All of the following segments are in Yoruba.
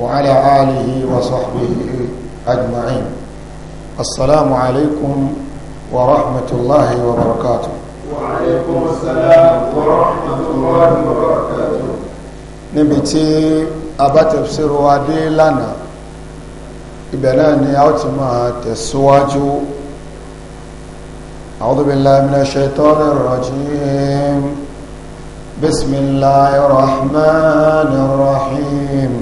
وعلى آله وصحبه أجمعين السلام عليكم ورحمة الله وبركاته وعليكم السلام ورحمة الله وبركاته نبتي أبا تفسير وادي لنا إبناني أوتما تسواجو أعوذ بالله من الشيطان الرجيم بسم الله الرحمن الرحيم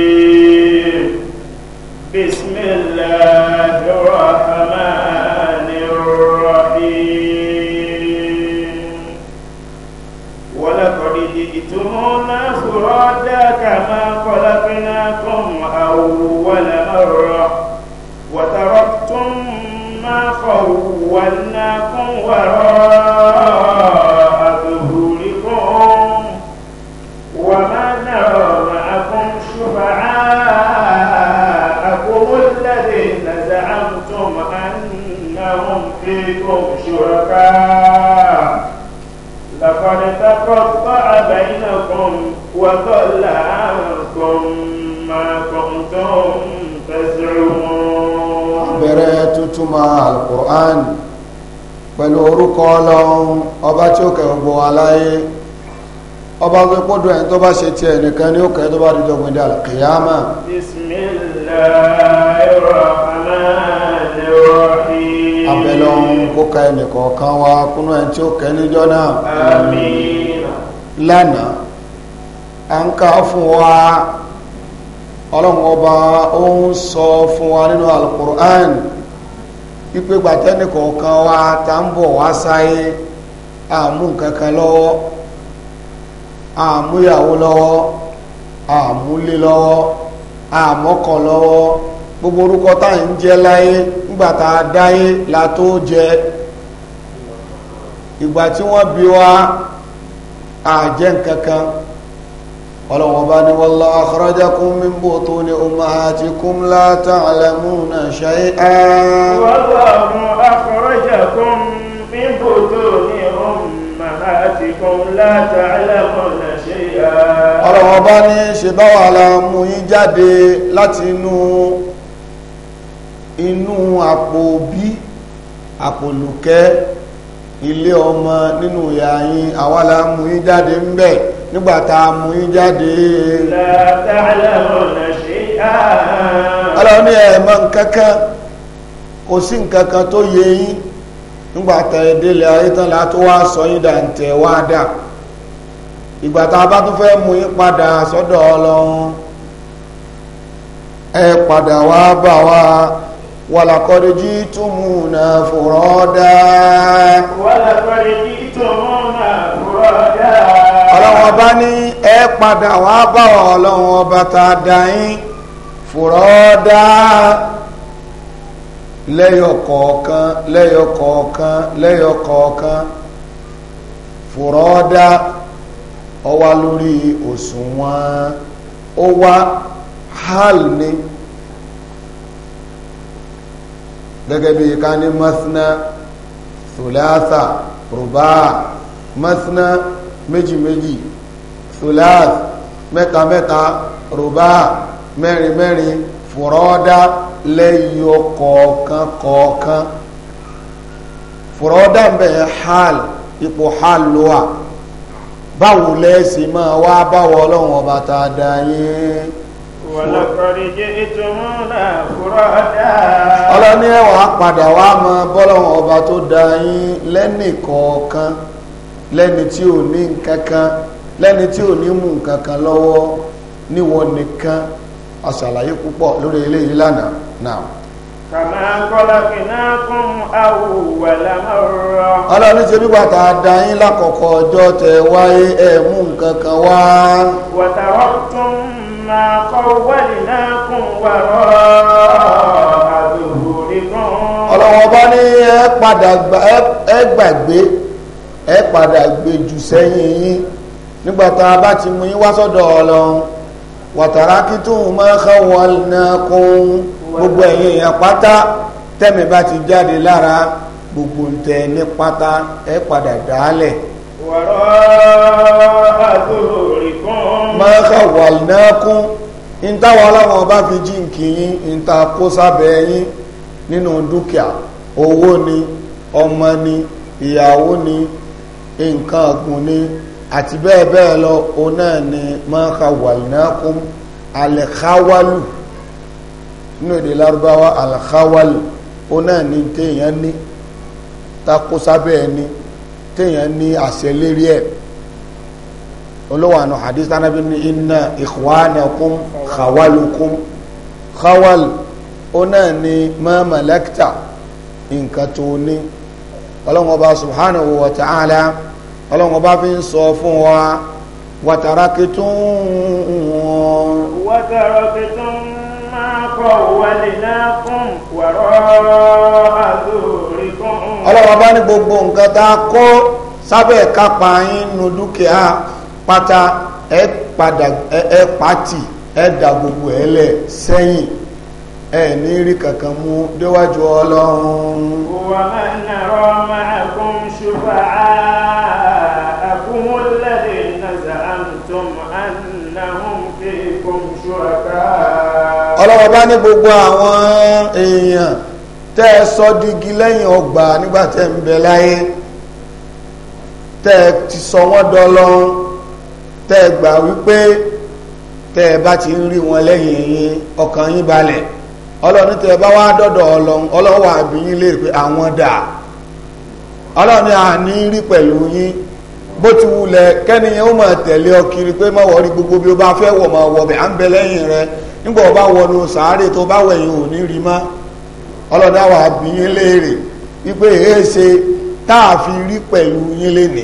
tí ó kẹ́ ọba tó kọ́dọ̀ ẹni tó bá ṣe tiẹ̀ nìkan ní ó tó bá di dọ́gbìn dà ọ̀hún kó ka ẹnì kọ̀ọ̀kan wa kúnú ẹni tí ó kẹ́ níjọ́ náà. lánàá à ń ká fún wa ọlọ́run ọba ó ń sọ fún wa nínú alukur'an wa tá ń àmú kankan lọ́wọ́ àmúyàwó lọ́wọ́ àmúlé lọ́wọ́ àmọ́kọ̀ lọ́wọ́ gbogbo orúkọ tá ń jẹ́ láyé nígbàtà dáyé la tó jẹ ìgbà tí wọ́n bí wá àjẹ́ nkankan ọlọ́wọ́n bá ní wọ́lá akhrajakum min butuni ummahatikum la ta'lamuna shay'an wọ́lá akhrajakum ọlọ́wọ́ bá ní ṣe báwa la mú yín jáde láti inú inú àpò bí àpòlùkẹ́ ilé ọmọ nínú ìyá yín àwa la mú yín jáde ń bẹ̀ nígbàtà mú yín jáde ọlọ́wọ́ ní ẹ̀mọ́ nǹkankan kò sí nǹkankan tó yẹ yín nígbàtà ìdílé ayétọ́lá tó wá sọ yín dàǹtẹ̀ wá dà ìgbàtà bá tún fẹ́ mú yín padà sọ́dọ̀ ọlọ́run ẹ padà wá bá wa wàlàkọ́dé jí túmù náà fòrọ́dá wàlàkọ́dé jí túmù náà fòrọ́dá ọlọ́run ọba ní ẹ padà wá bá wa ọlọ́run ọba tá a dà yín fòrọ́dá lẹ́yọ̀kọ̀ọ̀kan lẹ́yọ̀kọ̀ọ̀kan lẹ́yọ̀kọ̀ọ̀kan fùrọ́dá ó wà lórí òṣùwọ̀n ó wá hal ni gẹ́gẹ́ bí ká ní masna thulatha rubá masna méjì méjì thulath mẹ́ta mẹ́ta rubá mẹ́rin mẹ́rin fùrọ́dá lẹ́yọ kọ̀ọ̀kan kọ̀ọ̀kan fùrọ́dà ń bẹ̀ hàl ipò hàl ló wà báwo máa wá ọlọ́run ọba tá dá yín. ọlọ́ni ẹwà padà wá mọ bọ́lọ́run ọba tó dá yín lẹ́nì kọ̀ọ̀kan lẹ́ni tí ò ní tí ò ní mú lọ́wọ́ nìkan púpọ̀ lórí eléyìí lánàá náà. kàmá kọ́lá kìnnákùn awùwàlà mọ́rọ́. ọlọ́run ṣe nígbà tá a dá yín lákọ̀ọ́kọ́ ọjọ́ tẹ wáyé ẹ̀ mú nǹkan kan wá. wàtàwọ́ tún máa kọ́ wàlìnákùn wàrọ́ àdùnkùnrin. ọlọ́wọ́ bá ní ẹ padà ẹ gbàgbé ẹ padà gbé jù sẹ́yìn yín nígbà tá a bá ti mú yín wá sọ́dọ̀ ọlọ́run wàtàrà kí máa kọ́ wàlìnákùn gbogbo ẹ̀yin èèyàn pátá tẹ́mi bá ti jáde lára gbogbo ntẹ ní pátá ẹ padà dálẹ̀. wàrà àgòrì kan. máa ka wàlínákún ntàwọn aláwọ̀ ọba fi jí nkìyín ntà kó sábẹ́ yín nínú dúkìá owó ni ọmọ ni ìyàwó ni nǹkan ọ̀gbìn ni àti bẹ́ẹ̀ bẹ́ẹ̀ lọ òun náà ni máa ka wàlínákún alẹ́ káwálù nínú èdè lárúbáwá alhawal ó náà ní téèyàn ní takó sábẹ́ ẹni téèyàn ní àṣẹ lérí ẹ̀ olówó àná hadith tánàbí ní inna ikhwanakum khawalukum khawal ó náà ní ma nǹkan tó ní ọlọ́run subhanahu wa ta'ala ọlọ́run fi ń sọ fún wa wàtàràkìtún wàtàràkìtún ọlọ́wọ́ bá ní gbogbo nǹkan tá a kó sábẹ́ kápá yín nu dúkìá pátá ẹ padà ẹ pàtì ẹ dà gbogbo ẹ lẹ̀ sẹ́yìn ẹ ní rí kankan mú déwájú ọlọ́run. wà á nàrọ̀ máa kún ṣùgbọ́n àkúmọ̀lẹ́dẹ̀ náà zàmùtọ́mù ànàhùn fẹ́ẹ́ kún ṣùgbọ́n. bá ní gbogbo àwọn èèyàn tẹ́ sọ digi lẹ́yìn ọgbà nígbà ń bẹ láyé tẹ́ ti sọ wọ́n dọlọ́run tẹ́ gbà wípé tẹ́ bá ti rí wọn lẹ́yìn ọkàn balẹ̀ tẹ́ bá wá dọ́dọ̀ ọlọ́run pé àwọn dà pẹ̀lú yín bó ti wulẹ̀ kẹ́niyàn ó tẹ̀lé pé rí gbogbo bí nígbà ọba wọnú sàárè tó bá wẹ̀yìn ò ní rí mọ́ ọlọ́dà wà bí yín léèrè wípé èé ṣe tá a fi rí pẹ̀lú yín lénìí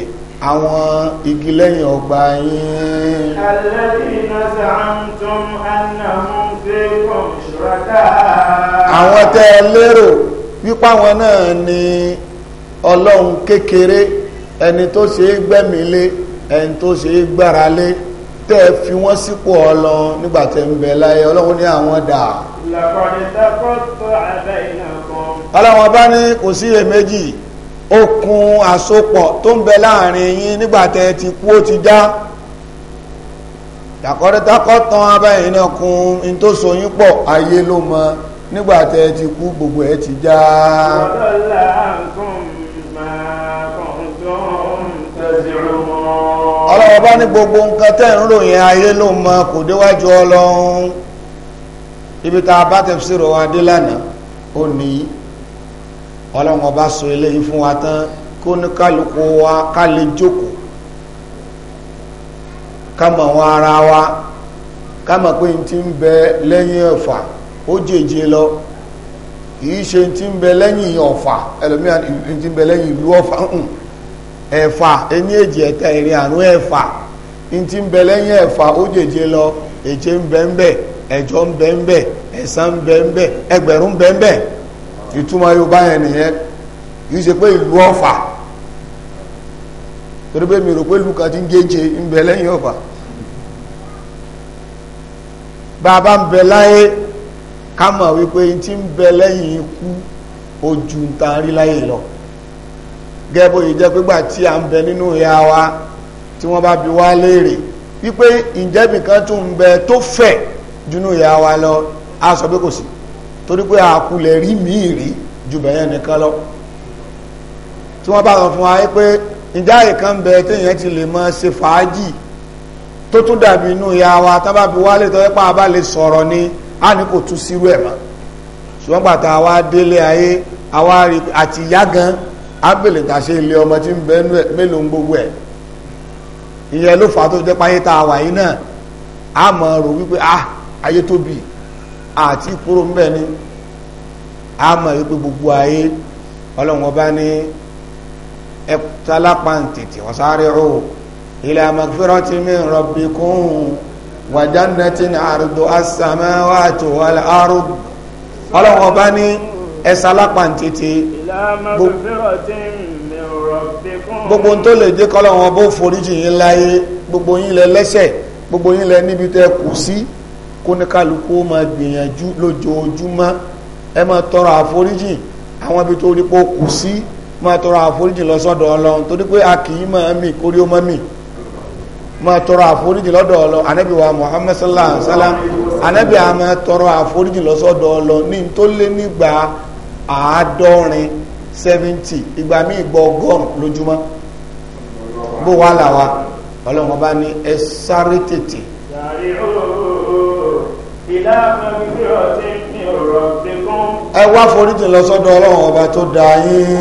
àwọn igi lẹ́yìn ọgbà yín. alladhina za'amtum annahum fikum shuraka. àwọn tẹ́ ẹ lérò wípé àwọn náà ni ọlọ́run kékeré ẹni tó ṣe é gbẹ́mìí lé ẹni tó ṣe é gbára lé tẹ́ ẹ fi wọ́n sípò ọlọ́run nígbà tẹ́ ń bẹ láyé ọlọ́run ní àwọn dà. ọlọ́run bá ní kò sí èméjì okùn àsopọ̀ tó ń bẹ láàrin yín nígbà tẹ́ ẹ ti kú ó ti já dàkọ́dẹ́takọ́ tán abẹ́yìn náà kun in tó so yín pọ̀ ayé ló mọ nígbà tẹ́ ẹ ti kú gbogbo ẹ ti já. ọlọ́run là ń kún máa kún ń tẹ̀síwò. ọba bá ní gbogbo nǹkan tẹ́ ń ròyìn ayé ló mọ kò déwájú ọlọ́run ibi tá a bá tafsir wa dé lánàá ó ní ọlọ́run ọba sọ eléyìí fún wa tán kó ní kálukú wa ká lè jókòó ká mọ̀ wọn ara wa ká mọ̀ pé n ti lọ kì í ṣe n ti ń bẹ lẹ́yìn ọ̀fà ẹlòmíràn n ẹ̀fà ẹni èjì ẹ̀ta ẹ̀rin ẹ̀fà ní ti ń lẹ́yìn ẹ̀fà ó jèjì lọ ń bẹ ń bẹ ẹ̀jọ ń bẹ ń bẹ ẹ̀sán ń bẹ ń bẹ ẹgbẹ̀rún ń bẹ ń bẹ ìtumọ̀ yorùbá yẹn nìyẹn kìí ṣe pé ìlú ọ̀fà torí pé mi rò pé lọ. gẹ́gbó yìí jẹ́ pígbà tí a ń bẹ nínú ìyá wa tí wọ́n bá bi wá léèrè wípé ìjẹ́bì kan tún ń bẹ tó fẹ̀ jùnú ìyá wa lọ a sọ pé kò sí torí pé àkulẹ̀ rí míì rí jù bẹ̀yẹn nìkan lọ tí wọ́n bá sọ fún wa pé ìjà ìkan ń bẹ téèyàn ti lè mọ ṣe fàájì tó tún dàbí inú ìyá wa tá bá bi wá lè tọ́ pé a bá lè sọ̀rọ̀ ni a ní kò tún sírú ẹ̀ mọ́ ṣùgbọ́n pàtàkì àwa délé ayé àwa àti ìyá gan-an ábìlì tàṣe ilé ọmọ tí ń bẹ́ẹ̀ mélòó gbogbo ẹ̀ ìyẹn ló fà tó jẹ́ páyé tá a wà yìí náà a mọ̀ rò wípé ah, ayé àti kúrò ń bẹ̀ ni a mọ̀ wípé gbogbo ayé ọlọ́run ọba ní ẹ̀tàlápàǹtìtì ọ̀sáréhù ila magfirati min rabbikum wa jannatin àrùdó as ọlọ́run ọba ní gbogbo tó lè jẹ́ kọ́lọ̀ wọn bó foríjì yín láyé gbogbo yín lẹ lẹ́sẹ̀ gbogbo yín lẹ níbi tẹ́ kù sí kó ní kálukú máa gbìyànjú lójoojúmọ́ ẹ máa tọrọ àforíjì àwọn ibi tó rí pé kù sí máa tọrọ àforíjì lọ́sọ̀dọ̀ ọlọ́run torí pé a kì í máa mì kórí ó máa mì máa tọrọ àforíjì lọ́dọ̀ ọlọ anabi wa muhammed sallallahu alaihi wa sallam anabi a máa tọrọ àforíjì lọ́sọ̀dọ̀ ọlọ ní tó lé nígbà àádọ́rin seventy ìgbà míì gbọ́ ọgọ́rùn lójúmọ́ bó wà làwà ọlọ́run ọba ní ẹ sáré tètè. ẹ wá foríjì lọ sọ́dọ̀ ọlọ́run ọba tó dá yín.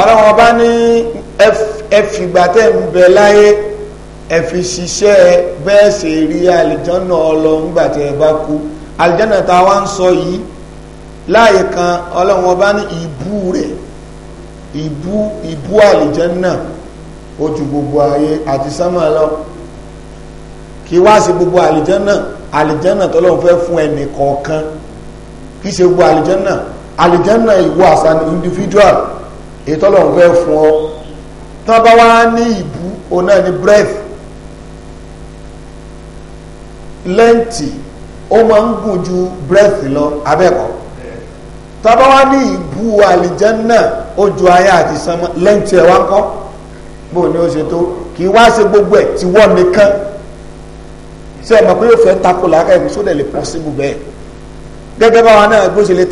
ọlọ́run ọba ní ẹ fìgbà tẹ́ ń bẹ láyé ẹ fi ṣiṣẹ́ bẹ́ẹ̀ ṣe rí àlìjọ́nà ọlọ́run gbà tẹ́ ẹ bá kú aljanna tá a wá ń sọ yìí láàyè kan ọlọ́run ọba ní ìbú rẹ̀ ìbú ìbú àlìjẹ́nà ó ju gbogbo ayé àti sánmà lọ kí wá sí gbogbo àlìjẹ́nà àlìjẹ́nà tọ́lọ́run fẹ́ fún ẹnì kọ̀ọ̀kan kí ṣe gbogbo àlìjẹ́nà àlìjẹ́nà ìwọ àṣà ní individual èyí tọ́lọ́run fẹ́ fún ọ tán bá wá ní ìbú òun ní breath lẹ́ǹtì ó máa ń gùn ju breath lọ abẹ́kọ̀ tọ́ba wá ní ìbú àlìjẹ́nà ó ju ayé àti sánmọ́ lẹ́yìn tí ẹ wá ń kọ́ bó ni ó ṣe tó kì í wá ṣe gbogbo ẹ̀ tí wọ́n nìkan ṣé ẹ mọ̀ pé yóò fẹ́ tako làákà ìwé sódẹ̀ lè pọ́sibú bẹ́ẹ̀ gẹ́gẹ́ báwa náà bó ṣe lè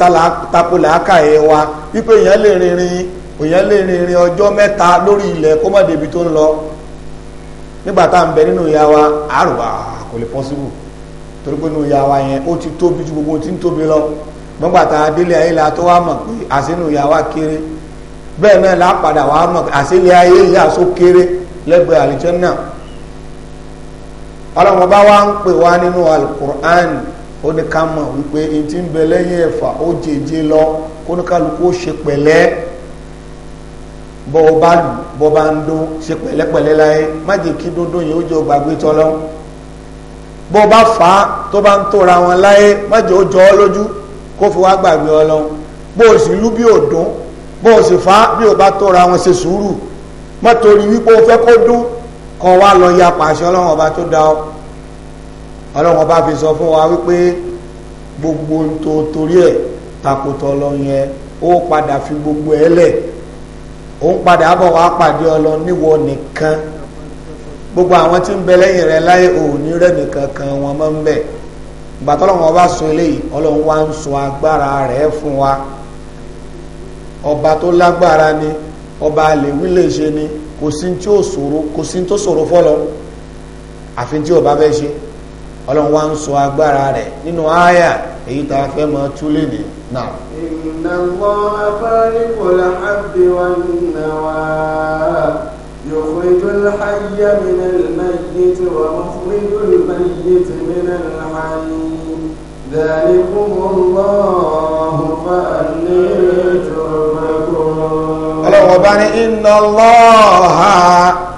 tako làákà ẹ̀ wa wípé èèyàn lè rìnrìn èèyàn lè rìnrìn ọjọ́ mẹ́ta lórí ilẹ̀ kó má débi tó ń lọ nígbà tá à ń bẹ nínú ìyá wa àrùbá ah, kò lè pọ́sibú torí pé nù yàwá yẹn ó ti tóbi ju gbogbo tí ń tóbi lọ gbọ́ngbàtà délé ayé la tó wá mọ̀ pé àsínú yàwá kéré bẹ́ẹ̀ náà lápadà wá mọ̀ àsílẹ̀ ayé yà só kéré lẹ́gbẹ̀ẹ́ àlìjẹ́ náà ọlọ́run bá wá ń pè wá nínú alukur'an ó ní ká mọ̀ wípé n ti ń bẹ lẹ́yìn ẹ̀fà ó jèjé lọ kó ní kálukú ó ṣe pẹ̀lẹ́ bọ́ ọ bá lù bọ́ bá ń dún ṣe pẹ̀lẹ́pẹ̀lẹ́ láyé má jẹ́ kí dúndún yìí ó jẹ́ ògbàgbé tọ́lọ́run bó bá fà á tó bá ń tóra wọn láyé mọ́jọ́ ó jọ ọ́ lójú kó fi wá gbàgbé ọlọ́run bó o sì lú bí ò dún bó o sì fà á bí ò bá tóra wọn ṣe sùúrù má torí wípé o fẹ́ kó dún kọ́ wá lọ ya pàṣẹ ọlọ́run ọba tó dá ọ ọlọ́run ọba fi sọ fún wa wípé gbogbo tó torí ẹ̀ takòtò ọlọ́run yẹn ó padà fi gbogbo ẹ̀ lẹ̀ òun padà bọ̀ wá pàdé ọlọ́run níwọ nìkan gbogbo àwọn tí ń bẹ lẹ́yìn rẹ̀ láyé òní rẹ̀ nìkan kan wọn mọ́ ń bẹ̀ gbàtọ́lọ́wọ́n bá sọ eléyìí ọlọ́run wá ń sọ agbára rẹ̀ fún wa ọba tó lágbára ni ọba àlèwí lè ṣe ni kò sí tí ó ṣòro kò sí tó ṣòro fọlọ àfi tí ọba fẹ́ ṣe ọlọ́run wá ń sọ agbára rẹ̀ nínú àyà èyí tá a fẹ́ mọ túlẹ̀ ní náà. inna Allaha fariqul habbi wan nawa. يخرج الحي من الميت ومخرج الميت من الحي ذلكم الله فأني تؤفكون ọlọ́run ọba ní iná lọ́ọ̀ha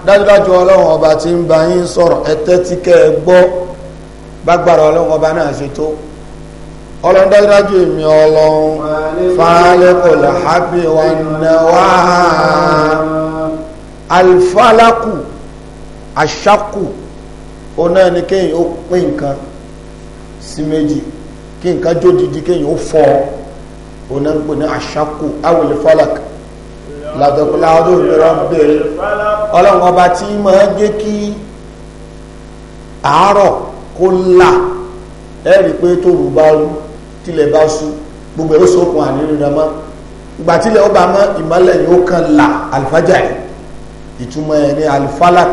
dájúdájú ọlọ́run ọba tí ń bá yín sọ̀rọ̀ ẹ̀tẹ́ tí kẹ́ ẹ gbọ́ bágbára ọlọ́run ọba náà ṣe tó ọlọ́run dájúdájú èmi ọlọ́run fàálẹ́kọ̀ọ́lá hábíwá náà wáá. alifalaku asaku ọ̀nà ni kéyìn ó pín nǹkan sí méjì kí nǹkan jó didi ó fọ́ ọ̀nà ń pè ní asaku awolifalak làdọ̀kọ̀láwọ́dọ̀ mìíràn bẹ́ẹ̀ ọlọ́run ọba tí máa jẹ́ kí àárọ̀ kó là ẹ̀rí pé tóru bá rú tilẹ̀ bá sú gbogbo ẹ̀ ó sókun àníríra mọ́ ìgbà tilẹ̀ ó bá mọ́ kan àlùfájà yìí ìtumọ̀ ẹ̀ ní alifalak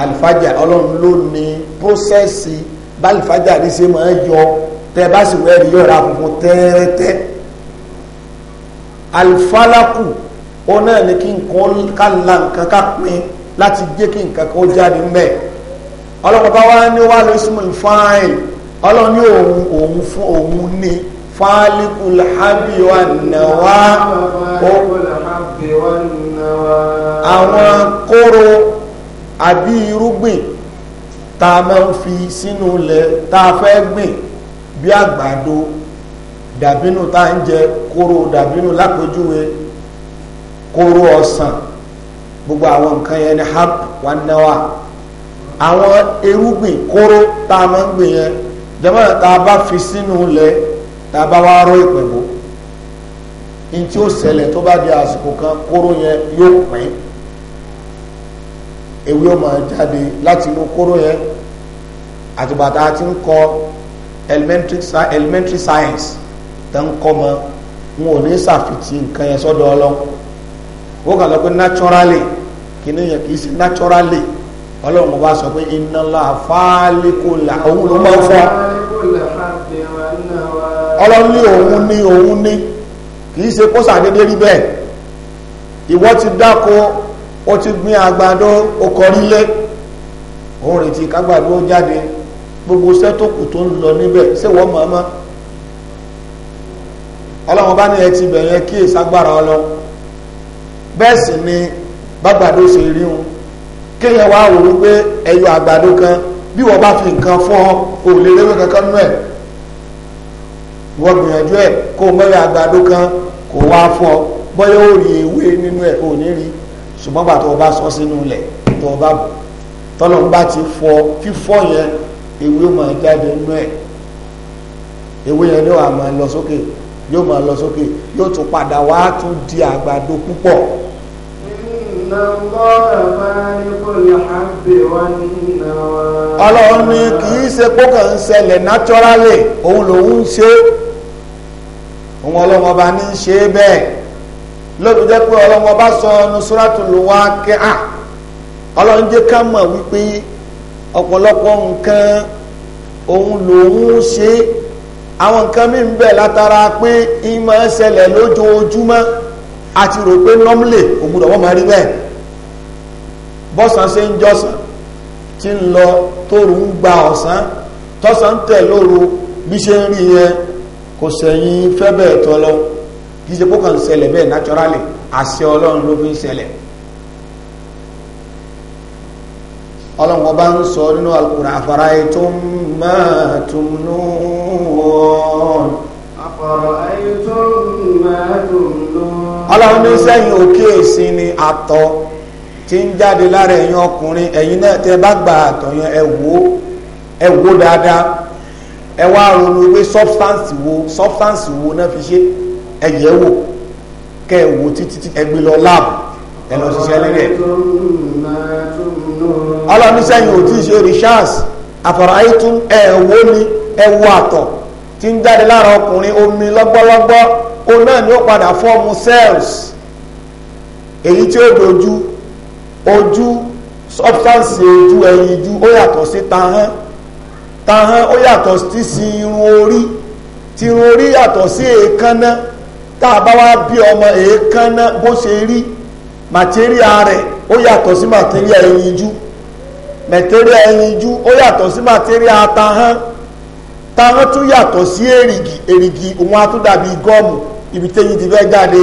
alifajà ọlọ́run ló ní pósẹ́sì bá alifajà ní ṣe máa yọ tẹ bá sì wẹ́ẹ̀rí yọ̀ra funfun tẹ́ẹ́rẹ́tẹ́ alifalaku ó náà ní kí nǹkan ká la nǹkan ká pin láti jẹ́ kí nǹkan kan jáde ń bẹ̀ ọlọ́run bá wá ní wàá lóṣù mọ́ ọlọ́run ní òun òun fún òun ní fáálíkù làbí wa ó. àwọn kóró àbí irúgbìn ta a máa ń fi sínú ilẹ̀ tá fẹ́ gbìn bí àgbàdo dàbínú tá a ń jẹ kóró dàbínú lápèjúwe kóró ọsàn gbogbo àwọn nǹkan yẹn ni hap wà náwà àwọn irúgbìn kóró tá a máa ń gbìn yẹn jẹ́mọ́ tá bá fi sínú ilẹ̀ tá bá wá ró ìpẹ̀bù ní tí ó ṣẹlẹ̀ tó bá di àsìkò kan kóró yẹn yóò pín ewé ó máa jáde láti inú kóró yẹn àtùbàtà ti ń kọ elementary science tó ń kọ́ mọ́ wọn ò ní ṣàfitì nǹkan yẹn sọ́dọ̀ ọlọ́run wọ́n kà lọ pé naturally kìíní yẹn kìí ṣe naturally ọlọ́run bá sọ pé iná la fáálíkòlà òun ló máa ń fọ́ ọlọ́run ní òun ní òun ní kìí ṣe kó sàdédé rí bẹ́ẹ̀ ìwọ ti dáko ó ti gbin àgbàdo ó kọrí lé òun retí kágbàdo ó jáde gbogbo iṣẹ́ tó kù tó ń lọ níbẹ̀ ṣé wọ́n mọ̀ ọmọ ọlọ́run bá ní ẹ ti bẹ̀rẹ̀ kí èsì agbára ọlọ bẹ́ẹ̀ sì ni bàgbàdo ṣe rí wọn kéèyàn wá wò wípé ẹyọ àgbàdo kan bí wọ́n bá fi nǹkan fún ọ ò lè léwé kankan nú ẹ̀ wọ́n gbìyànjú ẹ̀ kó mẹ́rin àgbàdo kan kò wá fọ bọ́yá ó rí ewé nínú ẹ̀ ò ní rí ṣùgbọ́n bàtọ̀ ọba sọ sínú ilẹ̀ tó ọba bò tọ́lọ́n bá ti fọ fífọ́ yẹn ewé ó máa jáde nínú ẹ̀ ewé yẹn ni wàá máa lọ sókè yóò máa lọ sókè yóò tún padà wá tún di àgbàdo púpọ̀. ọlọ́run ni kì í ṣe kó kàn ń ṣẹlẹ̀ naturally òun lòun ń ṣe é. òun ọlọ́run ọba ní í ṣe bẹ́ẹ̀ lóbi jẹ́ pé ọlọ́run ọba sọ ọ́nù suratul Waqi'a ọlọ́run jẹ́ ká mọ̀ wípé ọ̀pọ̀lọpọ̀ nǹkan òun lòun ṣe àwọn nǹkan mí ń látara pé ìmọ̀ ṣẹlẹ̀ lójoojúmọ́ àti rò kò sẹ́yìn fẹ́ bẹ́ẹ̀ tọ́ lọ kì í ṣe kó ṣẹlẹ̀ bẹ́ẹ̀ naturally àṣẹ ọlọ́run ló fi ń ṣẹlẹ̀ ọlọ́run ọba ń sọ nínú alukura afárá ètò máa tún nù wọ́n. afárá ètò máa tún nù wọ́n. ọlọ́run ní sẹ́yìn òkè èsì ni àtọ̀ ti ń jáde lára ẹ̀yin ọkùnrin ẹ̀yin náà tẹ́ bá ẹ wá ronú pé substance wo substance wo náà fi ṣe ẹ̀yẹ́ wò kẹ́ ẹ̀ wò títí ẹ gbé lọ lab ẹ lọ ṣiṣẹ́ lórí ẹ̀. ọlọ́run sẹ́yìn ò tí ì ṣe rìṣáàsì àfàrà ayétún ẹ̀ wò ni ẹ wo àtọ̀ tí ń jáde lára ọkùnrin omi lọ́gbọ́lọ́gbọ́ òun náà ni ó padà fọ́ọ̀mù cells èyí tí ó dojú ojú substance ojú ẹyin ju ó yàtọ̀ sí tahán tahan ó yàtọ̀ sí sí irun orí tí irun orí yàtọ̀ sí èékánná tá a bá wá bí ọmọ èékánná bó ṣe rí màtíríà rẹ̀ ó yàtọ̀ sí màtíríà ẹyinjú màtíríà ẹyinjú ó yàtọ̀ sí tún yàtọ̀ sí èrìgì èrìgì òun gọ́ọ̀mù ibi téyí ti fẹ́ jáde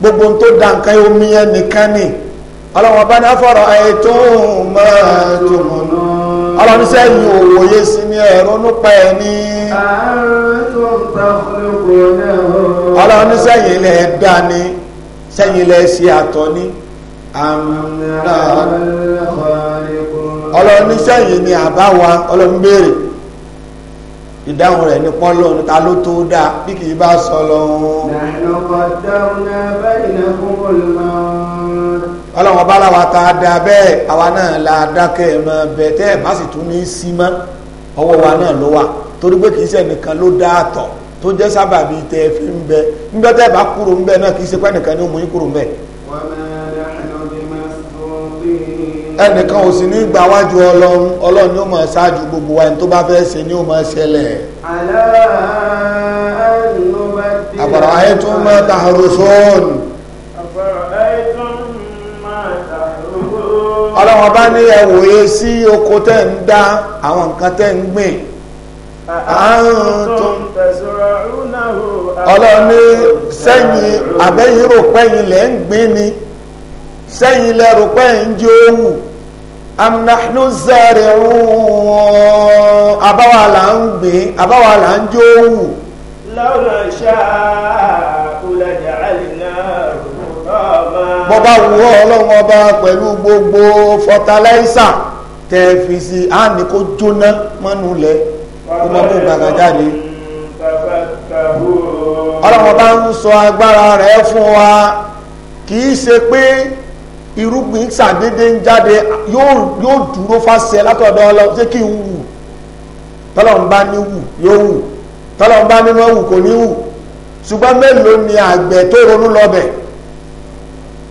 gbogbo tó da nǹkan omi ni ọlọ́wọ́n bá ní ọlọ́run sẹ́yìn òwòye sí ní ẹ̀rọ nípa ẹ̀ ní ọlọ́run sẹ́yìn ilẹ̀ ẹ̀dá ni sẹ́yìn ilẹ̀ ṣe àtọ̀ ni ọlọ́run sẹ́yìn ni àbáwa ọlọ́run béèrè ìdáhùn rẹ̀ ní pọ́lọ́ níta ló tó dáa bí kì í bá sọ lọ́wọ́ ọlọ́wọ́n bá láwa ta da bẹ́ẹ̀ àwa náà la dákẹ́ ẹ̀mọ bẹ́ẹ̀ tẹ́ ẹ̀ bá sì tún ní sí mọ́ ọwọ́ wa náà ló wà torí pé kì í ṣe nìkan ló dá àtọ̀ tó jẹ́ sábàbí tẹ́ ẹ fi ń bẹ nígbà tẹ́ ẹ bá kúrò ń bẹ náà kì í ṣe pé nìkan ni ó mú yín kúrò ń bẹ. ẹnìkan ò sì ní gba wájú ọlọ́run ọlọ́run ni ó máa ṣáájú gbogbo wa ẹni tó bá fẹ́ ṣe ni ó máa ṣẹlẹ̀. àlọ́ àlùbọ̀dé àbọ̀rọ̀ ọlọ́wọ́n bá ní ẹ wòye sí oko tẹ́ ń dá àwọn nǹkan tẹ́ ń gbìn ọlọ́ni sẹ́yìn àbẹ́yìn rò lẹ́ ń gbìn ni sẹ́yìn lẹ́ rò pẹ́yìn jẹ́ owó amnahnu zari'un àbáwá là ń gbìn àbáwá là ń jẹ́ owó. lọ́nà ṣáà kúlẹ̀ jẹ́ bọ́bá wúwọ́ ọlọ́run ọba pẹ̀lú gbogbo fọtaláísà tẹ̀fìsì á ní kó jóná mọ́nú lẹ̀ kó mọ́ mú gbàgbà jáde ọlọ́run ọba ń sọ agbára rẹ̀ fún wa kì í ṣe pé irúgbìn ṣàdédé ń jáde yóò dúró fásẹ látọ̀dọ̀ ọlọ́run ṣé kí n wù tọ́lọ́run bá ní wù yóò wù tọ́lọ́run bá ní wọ́n wù kò ní wù ṣùgbọ́n mélòó ni àgbẹ̀ tó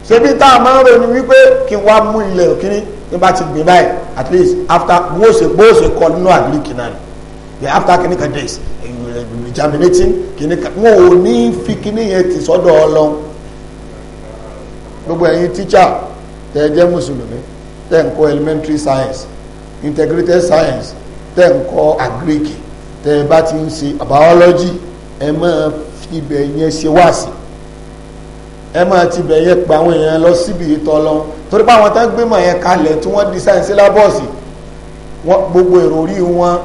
ṣebí tá a máa ń ronú wípé kí n wá mú ilẹ̀ òkíní ní bá ti gbé báyìí at least after gbóòsè gbóòsè kọ nínú àgbélékì náà ni after kìíní kan days eh, germinating kìíní kan wọn ò ní fi kìíní yẹn ti sọ́dọ̀ ọlọ́run gbogbo ẹ̀yin tíṣà tẹ́ ẹ jẹ́ mùsùlùmí tẹ́ ń kọ́ elementary science integrated science tẹ́ ń kọ́ agriki tẹ́ ẹ bá ti ń ṣe biology ẹ máa fi ibẹ̀ yẹn ṣe wáàsí ẹ máa ti bẹ̀ yẹn pa àwọn èèyàn lọ síbi ìtọ́ lọ́wọ́ torí pé àwọn tán gbé mọ̀ yẹn kalẹ̀ tí wọ́n design sílábọ̀sì gbogbo èrò orí wọn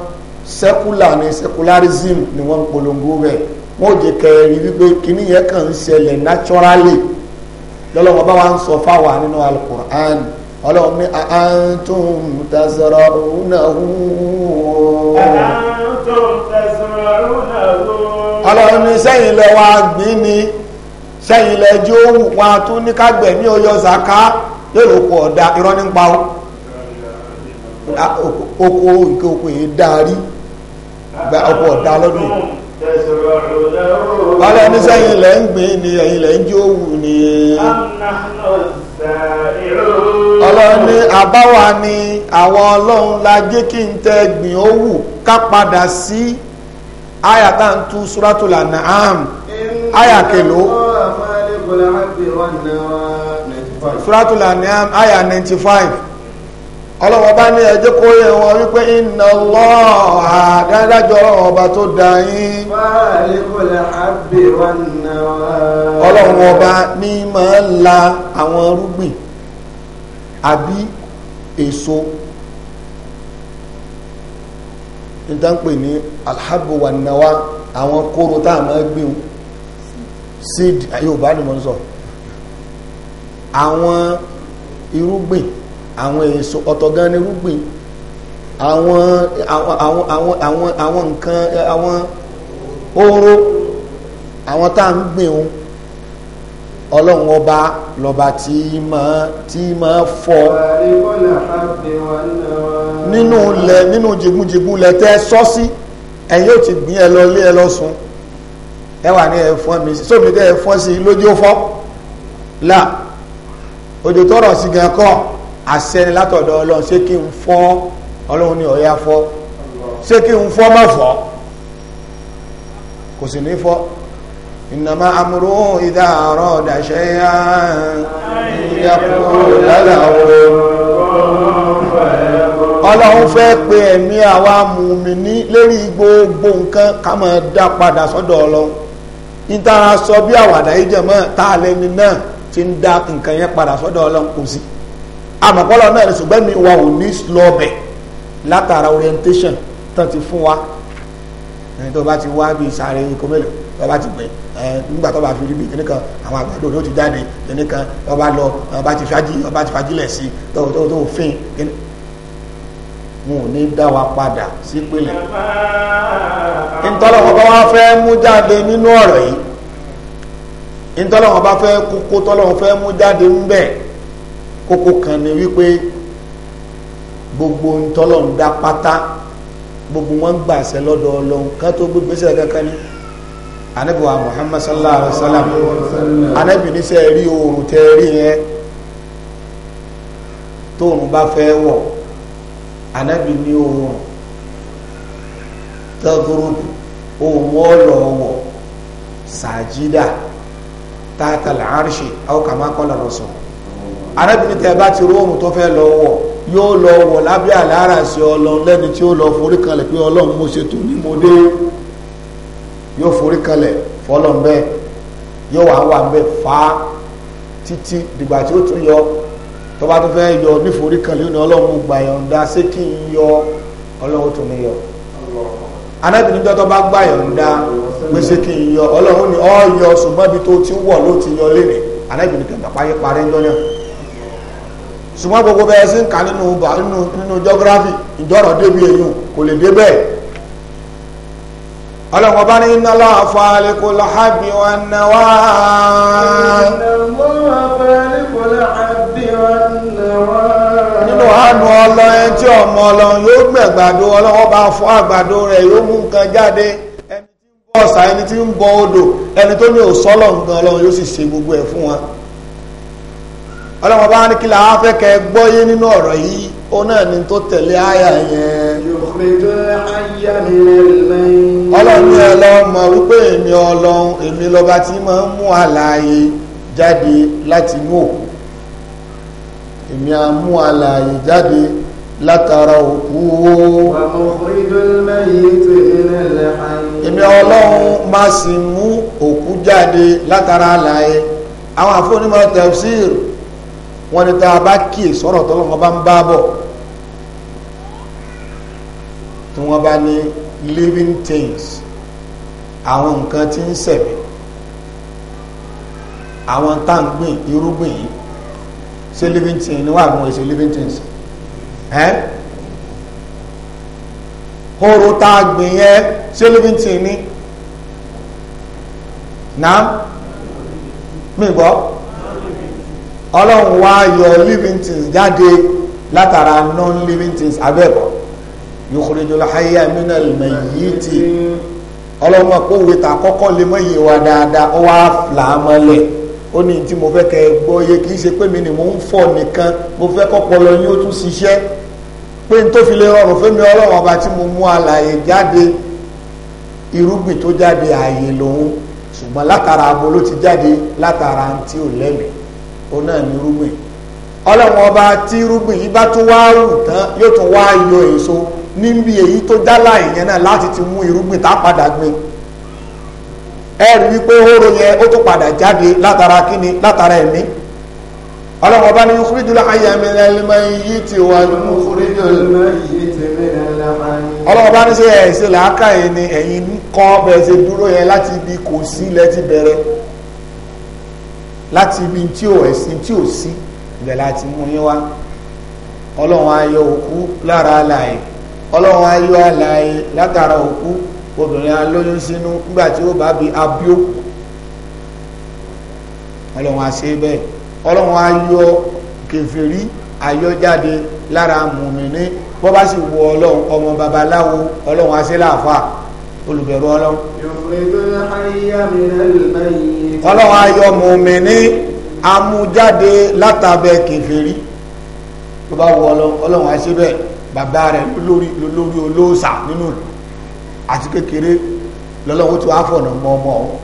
secular ni secularism ni wọ́n ń polongo rẹ̀ wọ́n ò jẹ́ kẹrin wípé kíní yẹn kàn ń ṣẹlẹ̀ naturally lọ́lọ́wọ́ bá wa ń sọ fáwa nínú alukur'an ọlọ́run ní àántún tẹ̀sọ̀rọ̀ ònàhún ọlọ́run ní sẹ́yìn lẹ́wọ́ àgbín ni. sẹ́yìn ilẹ̀ ẹjọ́ òwú wọn tún ní kágbẹ̀mí ọyọ zaka lérò kò ọ̀dà irọ́ nípa o oko nǹkan oko yìí darí gba ọkọ̀ ọ̀dà lọ́dún wọ́n ní sẹ́yìn ilẹ̀ ń gbìn ní ẹ̀yìn ilẹ̀ ń jẹ́ òwú ni ọlọ́run ní ni àwọn ọlọ́run la jẹ́ kí n tẹ gbìn òwú ká padà sí ayatollah suratul an'am ayakelo. suratul anam aya ninety five ọlọ́wọ́ bá ní ẹjẹ́ kó yẹ wọn wípé iná lọ́ọ̀hà dájájọ́ ọba tó dá yín ọlọ́wọ́ ọba ní máa ń la àwọn irúgbìn àbí èso nítorí pé ní alhabu wa nawa àwọn kóró tá a máa gbìn seed yorùbá ni mo ń sọ àwọn irúgbìn àwọn èso ọ̀tọ̀ gan ni irúgbìn àwọn àwọn àwọn àwọn àwọn nǹkan àwọn oró àwọn tá à ń gbìn òun ọlọ́run ọba lọ́ba tí máa tí máa fọ́ nínú ilẹ̀ nínú jẹgúnjẹgún lẹ tẹ́ sọ́sí ẹ̀yin ò ti gbìn ẹ lọ lé ẹ lọ ẹ wà ní ẹ̀fọ́n mi sómi tẹ́ ẹ̀fọ́n sí lójú fọ́ là òjò tọrọ sí gan kọ́ àṣẹ ni látọ̀dọ̀ ọlọ́run ṣé kí n fọ́ ọlọ́run ní ọ̀yá fọ́ ṣé kí n fọ́ mọ́ fọ́ kò sì ní fọ́ ìnàmá amúrú ìdá àárọ̀ dàṣẹ́ yá ìyàpọ̀ lálàó ọlọ́run fẹ́ pe ẹ̀mí àwa mùmí ní lérí gbogbo nǹkan ká máa dá padà sọ́dọ̀ ọlọ́run níta sọ bí àwàdà yìí jẹ mọ́ tá a lẹ́ni náà ti ń da nǹkan yẹn padà sọ́dọ̀ ọlọ́run kò náà ṣùgbọ́n mi wa ò ní lọ́ọ̀bẹ̀ látara orientation tán ti fún wa ẹni tó bá ti wá bíi sáré ikọ̀ mélòó tó bá ti gbẹ̀ ẹ nígbà tó bá fi rí bíi kíní kan àwọn àgbàdo ló ti jáde kíní kan ọba lọ ọba ti fagilẹ̀ sí tó tó tó fin kíní wọn ò ní dá wa padà sí pèlè bá wá fẹ́ mú jáde nínú ọ̀rọ̀ yìí ìtọ́lọ́wọ́ bá fẹ́ kókó tọ́lọ́wọ́ fẹ́ mú jáde ń bẹ̀ kókó kan ni gbogbo ìtọ́lọ́ ń gbogbo wọn gbàṣẹ lọ́dọ̀ Ọlọ́run ká tó gbé gbèsè kankan ní anabi muhammad anabi ní oorun tẹ́gúrúbù ohun ọlọ́wọ́ sàjídà tààtà làárṣì àwòkàmá kọ́lá lọ́sọ̀ anabi ní tẹ́ẹ̀bá ti róòrùn tó fẹ́ lọ́wọ́ yóò lọ lábẹ́ sí ọlọ́run lẹ́ni lọ forí kalẹ̀ pé ọlọ́run mo ṣe tó ní mo dé yóò forí kalẹ̀ fọlọ́n bẹ́ẹ̀ yóò wá wà bẹ́ẹ̀ fà á títí dìgbà yọ tó bá tó fẹ́ yọ níforí kan lónìí ọlọ́run gbà yọ̀ǹda ṣé kí n yọ ọlọ́run tó ní yọ anábìnrin tó tó bá gbà yọ̀ǹda pé ṣé kí n yọ ọlọ́run ní ọ yọ ṣùgbọ́n ibi tó ti wọ̀ ló ti yọ lénìí anábìnrin kan pàyẹ parí ń lọ́nà ṣùgbọ́n gbogbo bẹ́ẹ̀ sí ń kà nínú nínú geography ìjọ́rọ̀ débi èyí kò lè dé bẹ́ẹ̀ ọlọ́run ọba ní iná láàfọ́ alẹ́kọ̀ọ́ làhábì wọn náà ọlọ ẹni tí ọmọ ọlọ́run yóò gbẹ̀gbàdo ọlọ́wọ́ bá fọ́ àgbàdo rẹ̀ yóò mú nǹkan jáde ẹni tí ń bọ ọ̀sà ẹni tí ń bọ odò ẹni tó ní òsọ́lọ̀ nǹkan ọlọ́run yóò sì ṣe gbogbo ẹ̀ fún wọn ọlọ́wọ́ bá ní kí la fẹ́ kẹ́ gbọ́yé nínú ọ̀rọ̀ yìí ó náà ni tó tẹ̀lé àyà yẹn ọlọ́run ẹ lọ mọ̀ wípé èmi ọlọ́run èmi lọba tí máa ń mú àlàyé jáde láti inú òkú èmi a mú alààyè jáde látara òkú èmi ọlọ́run má sì mú òkú jáde látara alààyè àwọn àfọ́nímọ̀ tafsir wọn ni tá a bá kíyè sọ̀rọ̀ tọ́lọ́mọ bá ń bá bọ̀ tí wọ́n bá ní living things àwọn nǹkan tí ń ṣẹ̀mí àwọn tá irúgbìn yìí ṣé living thing ni wọ́n àgbọn ẹ̀sẹ̀ living things ẹ́ horo tá a gbìn yẹn ṣé living thing ni náà mi gbọ́ ọlọ́run wá yọ living things jáde látara non-living things abẹ́ẹ̀kọ́ yukhrijul hayya minal mayyiti ọlọ́run wá kó wíta kọ́kọ́ lè mọ̀ yìí wá dáadáa ó wá fìlà mọ́lẹ̀. ó ní tí mo fẹ́ kẹ́ ẹ gbọ́ yé kì í ṣe pé mi ni mò ń fọ̀ nìkan mo fẹ́ kọ́pọlọ yín ó tún ṣiṣẹ́ pé n tó fi lè rọrùn fún mi ọlọ́run ọba tí mo mú àlàyé jáde irúgbìn tó jáde ààyè lòun ṣùgbọ́n látara abo ló ti jáde látara tí ò lẹ́mìí ó náà ní irúgbìn ọlọ́run ọba tí irúgbìn yìí bá tún wá rù tán yóò tún wá yọ èso níbi èyí tó jálá ìyẹn náà láti ti mú irúgbìn tá a padà gbìn ẹ wípé hóró yẹn ó tún padà jáde látara kíni látara ẹ̀mí ọlọ́run ọba ní yukhrijul hayya minal mayyiti wal mukhrijul dúró yẹn láti ibi kò bẹ̀rẹ̀ láti ibi tí ò ẹ̀sìn tí ò sí ibẹ̀ láti mú yín wá ọlọ́run ayọ̀ òkú lára ọlọ́run obìnrin alóyún sínú nígbà tí ó bá bi abíó ọlọ́run á ṣe bẹ́ẹ̀ ọlọ́run á yọ kèfèrí àyọjáde lára mùmíní bọ́ bá sì wọ ọlọ́run ọmọ babaláwo ọlọ́run á ṣe láàfà olùbẹ̀rù ọlọ́run. ọlọ́run á yọ mùmíní amújáde látàbẹ kèfèrí bọ́ bá wọ ọlọ́run ọlọ́run á ṣe bẹ́ẹ̀ bàbá rẹ̀ lórí olóòṣà nínú ìlú àti kékeré lọ́lọ́wọ́ tí wàá fọ̀nà mọ́ ọmọ ọ̀hún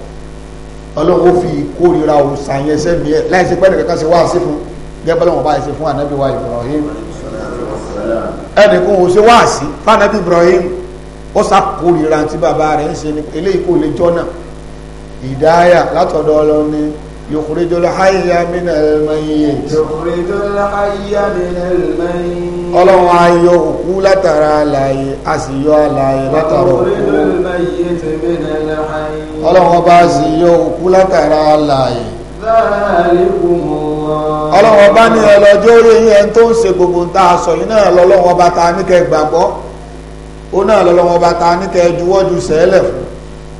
ọlọ́wọ́ fi kórìíra òòsàn yẹn sẹ́mi ẹ̀ láì sí pẹ́ẹ́nì kankan sí wá sí fún gẹ́gẹ́ lọ́wọ́ bá ṣe fún anabi wa Ibrahim ẹnìkan o ṣe wá sí fún anabi Ibrahim ó sá kórìíra tí bàbá rẹ̀ ń ṣe ni eléyìí kò lè jọ́nà ìdáyà látọ̀dọ̀ ọlọ́ni yòkúrẹ́jọ́lá háyà mí ọlọ́run ayọ òkú látara alààyè a sì yọ alààyè látara òkú ọlọ́run ọba a sì yọ òkú látara ọlọ́run ọba ní ọlọ́jọ́ orí yín ẹni tó ń ṣe gbogbo nta, asọ yìí náà lọ́lọ́run ọba ta ní gbàgbọ́ ó náà lọ́lọ́run ọba ta ní sẹ́lẹ̀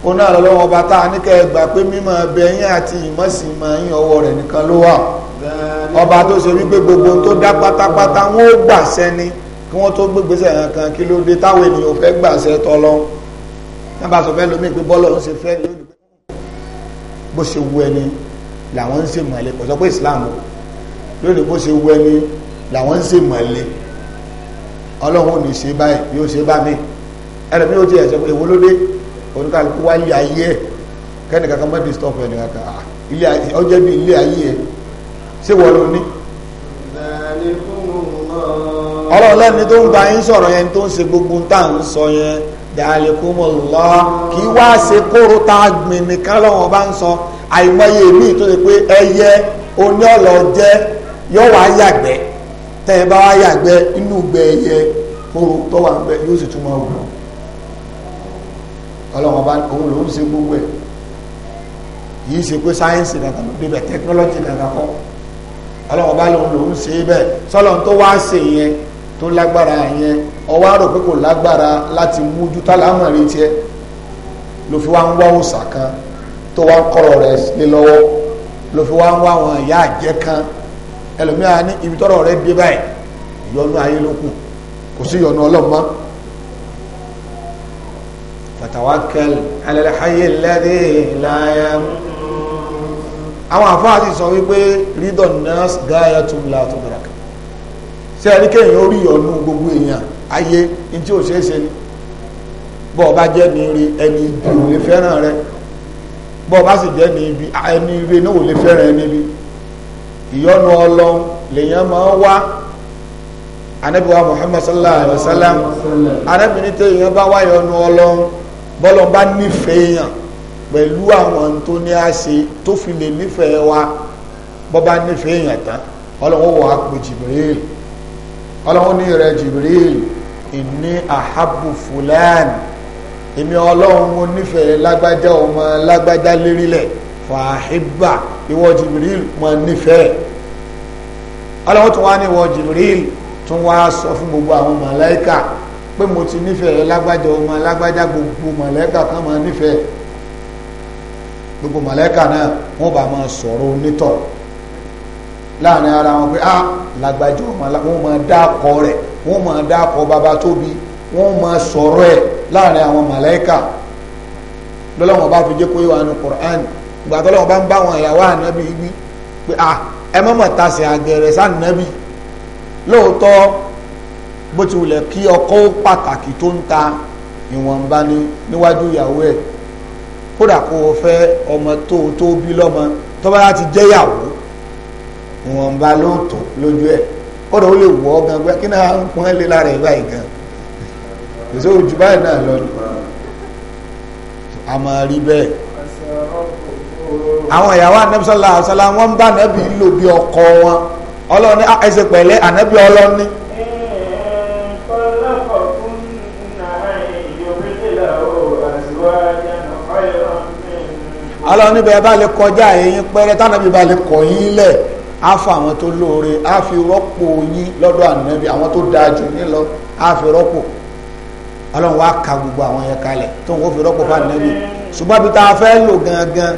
fún ó náà ọba ta ní gbà pé mímọ̀ yín àti ìmọ̀sìn mọ̀ yín ọwọ́ rẹ̀ nìkan ló ọba tó ṣe wípé gbogbo tó dá pátápátá wọn ó gbàṣẹ ni kí wọn tó gbégbèsè kankan kí ló dé táwọn ènìyàn fẹ́ gbàṣẹ tọlọ nígbà tó fẹ́ lómi pé bọlọ ń ṣe fẹ́ lónìí bó ṣe wù ẹni làwọn ń ṣe mọ̀lẹ́ kò sọ pé Islam lónìí bó ṣe wù ẹni làwọn ń ṣe mọ̀lẹ́ ọlọ́run ò ní ṣe báyìí yóò ṣe bá mi ẹ̀rọ mi ò ti ẹ̀ṣẹ̀ pé èwo ló dé oníkàlùkù wáyé ayé ẹ̀ kẹ́nìkankan mọ́ disturb ẹnìkankan ah, ilé ọjọ́ bíi ilé ayé ẹ̀ ṣé wọ́n ló ní. ọlọ́run lẹ́ni tó ń bá yín sọ̀rọ̀ yẹn tó ń ṣe gbogbo tá à ń sọ yẹn dàlẹ́kùnmọ̀lọ́ kì í wá ṣe kóró tá a gbìn nìkan lọ́wọ́ bá ń sọ àìmọye míì tó ṣe pé ẹyẹ oní ọ̀lọ́ jẹ́ yóò wá yàgbẹ́ tẹ́ ẹ bá wá yàgbẹ́ inú gbẹ ẹyẹ kóró tó wà ń bẹ yóò sì tún wù ú ọlọ́wọ́n bá òun lòún ṣe gbogbo ẹ̀ yìí ṣe pé sáyẹ́nsì dàgbà ló tẹkinọ́lọ́jì dàgbà kọ́ ọlọ́run bá lòun lòun ṣe é bẹ́ẹ̀ sọ́lọ́run tó wá ṣe yẹn tó lágbára yẹn ọwọ́ àrò pé kò lágbára láti mójú tálámọ̀ rí tiẹ̀ ló fi wá ń wá òòsà kan tó wá ń kọ́rọ̀ rẹ̀ lé lọ́wọ́ ló fi wá ń wá àwọn ìyá àjẹ́ kan ẹlòmíràn ní ibi tọ́rọ̀ rẹ̀ dé báyìí ìyọnu ayé ló kù kò sí ìyọnu ọlọ́mọ fatawakal alẹ́ hayé lẹ́dí láyé àwọn àfáà ti sọ wípé rídọ̀ nurse gaya tún la tó bẹ̀rẹ̀ kan ṣé ẹni kéèyàn ó rí ìyọnu gbogbo èèyàn ayé ní tí ò ṣeé ṣe ni bọ́ ọ bá jẹ́ ní rí ẹni ibi ò lè fẹ́ràn rẹ bọ́ ọ bá sì jẹ́ ní ibi ẹni rí náà ò lè fẹ́ràn ẹni ibi ìyọnu ọlọ́run lèèyàn máa ń wá anabiwa muhammad sallallahu alaihi wa sallam anabinite èèyàn bá wáyọnu ọlọ́run bọ́lọ̀ bá nífẹ̀ẹ́ èèyàn pẹ̀lú àwọn tó ní a ṣe tó fi lè nífẹ̀ẹ́ wa bọ́bá nífẹ̀ẹ́ èèyàn tán ọlọ́run wà á pè Jibril ọlọ́run ní rẹ̀ Jibril inni ahabu fulani èmi ọlọ́run mo nífẹ̀ẹ́ lágbájá ọmọ lágbájá lérílẹ̀ fàáhíbà ìwọ Jibril mo nífẹ̀ẹ́ ọlọ́run tún wá ní ìwọ Jibril tún wá sọ fún gbogbo àwọn màláíkà pé mo ti nífẹ̀ẹ́ lágbájá ọmọ lágbájá gbogbo màláíkà kan máa nífẹ̀ẹ́ gbogbo mọ̀lẹ́kà náà wọ́n bá máa sọ̀rọ̀ onítọ̀ láàrin ara wọn pé a ah, làgbàjọ wọn máa dá akọ rẹ̀ wọ́n máa dá akọ bàbá tóbi wọ́n máa sọ̀rọ̀ ẹ̀ láàrin àwọn mọ̀lẹ́kà lọ́lọ́wọ́n bá fi jẹ́ kó yíwa nu Kùránì ìgbà tó lọ́wọ́n bá ń bá wọn ìyàwó ànábì wí pé a ah, ẹ má mọ̀ tasẹ̀ àgẹ̀rẹ̀ sànábì lóòótọ́ bó ti wulẹ̀ kí ọkọ pàtàkì tó ń ta ìwọ̀nba ní níwájú ìyàwó ẹ̀ kódà kó o fẹ́ ọmọ tó o tó bí lọ́mọ tó bá ti jẹ́yàwó ìwọ̀nba ló tó lójú ẹ̀ kódà ó lè wọ́ gan gbé kí náà ń pọ́n lé lára ìgbà ìgan èso ojú báyìí náà lọ a máa rí bẹ́ẹ̀ àwọn ìyàwó anẹ́bísọ́lá àṣálá wọ́n ń bá anẹ́bí lò bí ọkọ wọn ọlọ́ni ah, ẹsẹ̀ pẹ̀lẹ́ anẹ́bí ọlọ́ni ọlọ́run níbẹ̀ bá lè kọjá ẹ̀yìn pẹ́rẹ́ tánàbí bá lè kọ̀ yín lẹ̀ á fa àwọn tó lóore á fi rọ́pò yín lọ́dọ̀ ànábì àwọn tó dáa jù yín lọ á fi rọ́pò ọlọ́run wá ka gbogbo àwọn yẹn kalẹ̀ tó ń kó fi rọ́pò fún ànábì ṣùgbọ́n bí tá fẹ́ lò gangan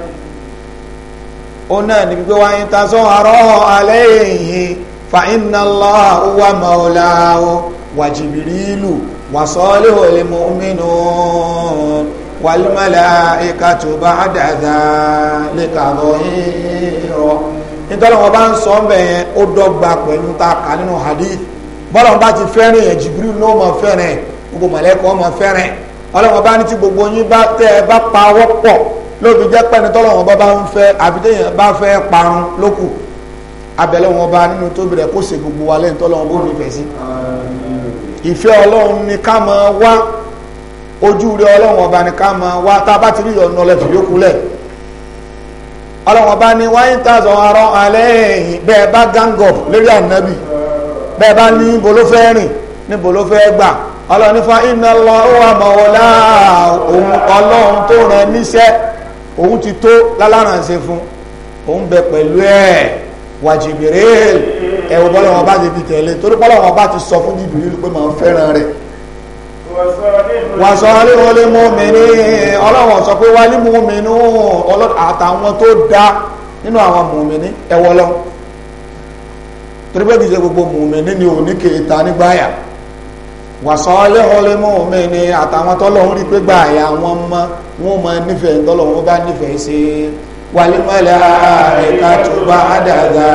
ó náà níbi pé wáyé ta sọ àrọ́ alẹ́ yìí fa inna Allah huwa maulahu wa Jibrilu wa salihu al mu'minun wal-malā'ikatu ba'da dhālika ẓahīr nítorí wọn bá ń sọ ọ́n bẹ̀yẹn ó dọ́gba pẹ̀lú ta kà nínú hadith bọ́lá wọn bá ti fẹ́ràn yẹn Jibril ló máa fẹ́ràn gbogbo mọ̀lẹ́kọ̀ ọmọ fẹ́ràn ọlọ́wọ́n bá ní tí gbogbo yín bá tẹ́ ẹ bá pa wọ́pọ̀ lóbi jẹ́ pẹ́ni tọ́lọ́wọ́n bá bá ń fẹ́ àbídẹ́yìn bá fẹ́ parun lókù abẹ́lẹ́ wọn bá nínú tóbi rẹ̀ kó ṣe gbogbo wa lẹ́yìn tọ́lọ́wọ́n bó nífẹ̀ẹ́ sí ìfẹ́ Ọlọ́run ni ká máa wá ojú rẹ ọlọ́wọ́n ọba ní ká mọ wá tá a bá ti rí ìyọnu ọlẹ́tù yókù lẹ̀ ọlọ́wọ́n ọba ní wáyé tá a sọ arán alẹ́ ẹ̀yìn bẹ́ẹ̀ bá gangop lórí ànábì bẹ́ẹ̀ bá ní ibo ló fẹ́ rìn níbo ló fẹ́ gbà ọlọ́ni fa iná lọ ó wà mọ̀wọ́lá òun ọlọ́run tó rán níṣẹ́ òun ti tó lálárànṣe fún òun bẹ pẹ̀lú ẹ̀ wàjìbìrì ẹ̀wọ̀ bọ́lọ́wọ́n ọba ti fi tẹ̀lé torí bọ́lọ́wọ́n ọba ti sọ fún jìbìrì pé màá fẹ́ràn rẹ̀ wàsọ aléwọlé mọ́mìnì ọlọ́wọ̀n sọ pé wálé mọ́mìnì àtàwọn tó dá nínú àwọn mọ́mìnì ẹwọ́ lọ torí pé kìí ṣe gbogbo mọ́mìnì ni ò ní kèéta nígbàyà wàsọ aléwọlé mọ́mìnì àtàwọn tọ́lọ́hún rí pé gbàyà wọn mọ wọn mọ nífẹ̀ẹ́ tọ́lọ́hún bá nífẹ̀ẹ́ sí wàlímọ́lá ìkàtúbà àdàgà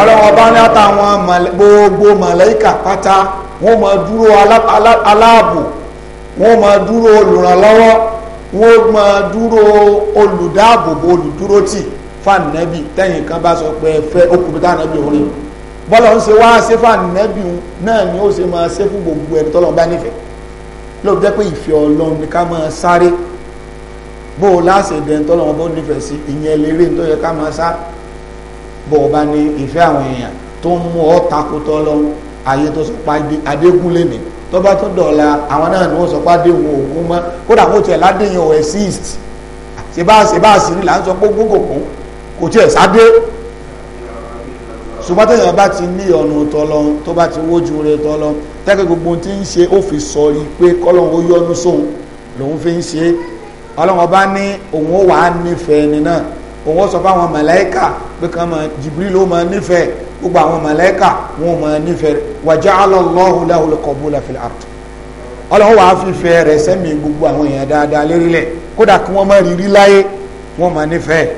ọlọ́wọ́n bá ní àtàwọn gbogbo màláíkà pátá wọ́n máa dúró aláàbò wọ́n máa dúró olùrànlọ́wọ́ wọ́n máa dúró olùdáàbòbò olùdúró tì fànẹ́bì tẹ́yìn kan bá sọ pé ẹ̀fẹ́ okùnrin tánàbì òun rẹ̀ bọ́lá ń ṣe wá ṣe fànẹ́bì náà ni ó ṣe máa ṣe fún gbogbo ẹni tọ́lọ́run bá nífẹ̀ẹ́ lóòótọ́ jẹ́ pé ìfẹ́ ọlọ́run ni ká máa sáré bó o láṣẹ ìdẹ́n tọ́lọ́run bó nífẹ̀ẹ́ sí ìyẹn lérè tó yẹ ká máa sá bó o bá ní ìfẹ́ àwọn èèyàn tó ń mú ọ takotọ́ lọ́run ayé tó sọ pa adégúnlé ni tó bá tó dọ̀la àwọn náà ni wọ́n sọ pa adéhùn ògún mọ́ kódà kó tiẹ̀ ládéyìn ò exist ṣèbá ṣèbá sí ni là ń sọ pé ogún kò kún kò tiẹ̀ sádé ṣùgbọ́n tẹ̀yàn bá ti ní ọ̀nà tọ́lọ tó bá ti wójú rẹ tọ́lọ tẹ́kẹ́ gbogbo tí ń ṣe ó fi sọ̀rí pé kọ́lọ́n ó yọ́nú sóhun lòun fi ń ṣe ọlọ́wọ́n bá ní òun ó wà á nífẹ̀ẹ́ ẹni náà òun ó sọ fáwọn màláíkà pé kàn máa Jibril ló máa nífẹ̀ẹ́ gbogbo àwọn màláíkà wọn ò máa nífẹ̀ẹ́ wa ja'ala Allahu lahu al-qabula fil ard ọlọ́run wàá fífẹ́ rẹ̀ sẹ́mi gbogbo àwọn èèyàn dáadáa lérílẹ̀ kódà kí wọ́n má rí rí láyé wọ́n máa nífẹ̀ẹ́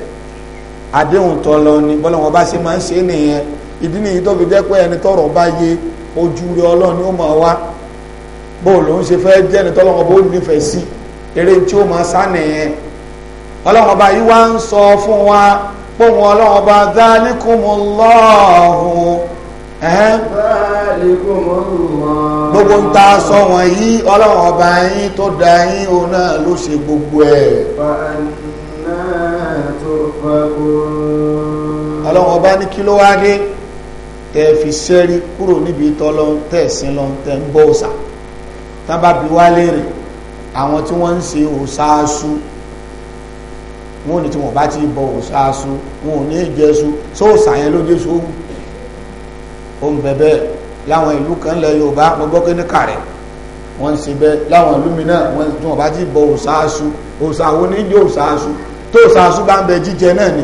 àdéhùn tọ́lọ ni bọ́lọ́wọ́n bá ṣe máa ń ṣe nìyẹn ìdí nìyí tó fi jẹ́ pé ẹni tọrọ bá yé ojú rẹ ọlọ́run ó máa wá bóun lòún ṣe fẹ́ jẹ́ ẹni tọ́lọ́wọ́n bó nífẹ̀ẹ́ sí eré tí ó máa sá nìyẹn ọlọ́run ọba yìí wá ń sọ fún wa pòun ọlọ́run ọba dáníkùmùlọ́ọ̀hún gbogbo ń ta sọ wọ̀nyí ọlọ́run ọba yín tó dá yín òun náà ló ṣe gbogbo ẹ̀ ọlọ́run ọba ní kí ló wá dé tẹ́ fi ṣẹ́rí kúrò níbi tọ́lọ́n tẹ̀sìn lọ́n tẹ́ ń bọ́ òòṣà tábàbí wálé rè àwọn tí wọ́n ń ṣe òòṣà aṣú wọn ò ní tí wọn bá ti bọ òṣàṣù wọn ò ní jẹṣu sóòṣà yẹn ló jésù òwú ó ń bẹ bẹ́ẹ̀ láwọn ìlú kan lẹ yorùbá mo gbọ́ pé ní kàrẹ́ wọ́n ń ṣe bẹ́ẹ̀ láwọn ìlú mi náà wọ́n tí wọn bá ti bọ òṣàṣù òṣàwò ní jẹ òṣàṣù tó òṣàṣù bá ń bẹ jíjẹ náà ni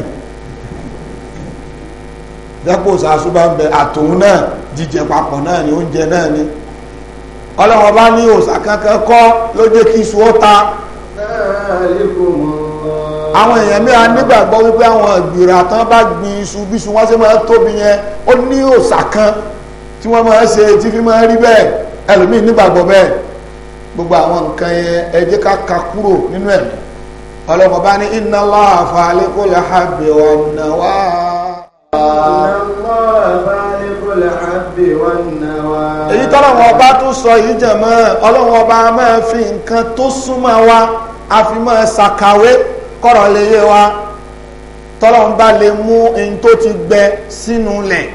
dẹ́pọ̀ òṣàṣù bá ń bẹ àtòun náà jíjẹ papọ̀ náà ni oúnjẹ náà ni ọlọ́wọ́n bá ní òṣà kankan kọ́ ló jẹ́ kí iṣu ó ta. bẹ́ẹ̀ àwọn èèyàn mi a nígbàgbọ́ wípé àwọn ìgbìrà tán bá gbin iṣu bíṣu wọ́n ṣe máa tóbi yẹn ó ní òòṣà kan tí wọ́n máa ṣe tí fi máa rí bẹ́ẹ̀ ẹlòmíì nígbàgbọ́ bẹ́ẹ̀ gbogbo àwọn nǹkan yẹn ẹ ká ka kúrò nínú ẹ̀mí ọlọ́mọ bá ní inna Allaha faliqul habbi wan nawa. èyí tọ́lọ́wọ́n ọba tó sọ yìí jẹ̀ ọlọ́wọ́n ọba máa fi nǹkan tó súnmọ́ wa a máa ṣàkàwé kọ́rọ̀ lè yé wa tọ́lọ́n bá lè mú ẹni tó ti gbẹ sínú lẹ̀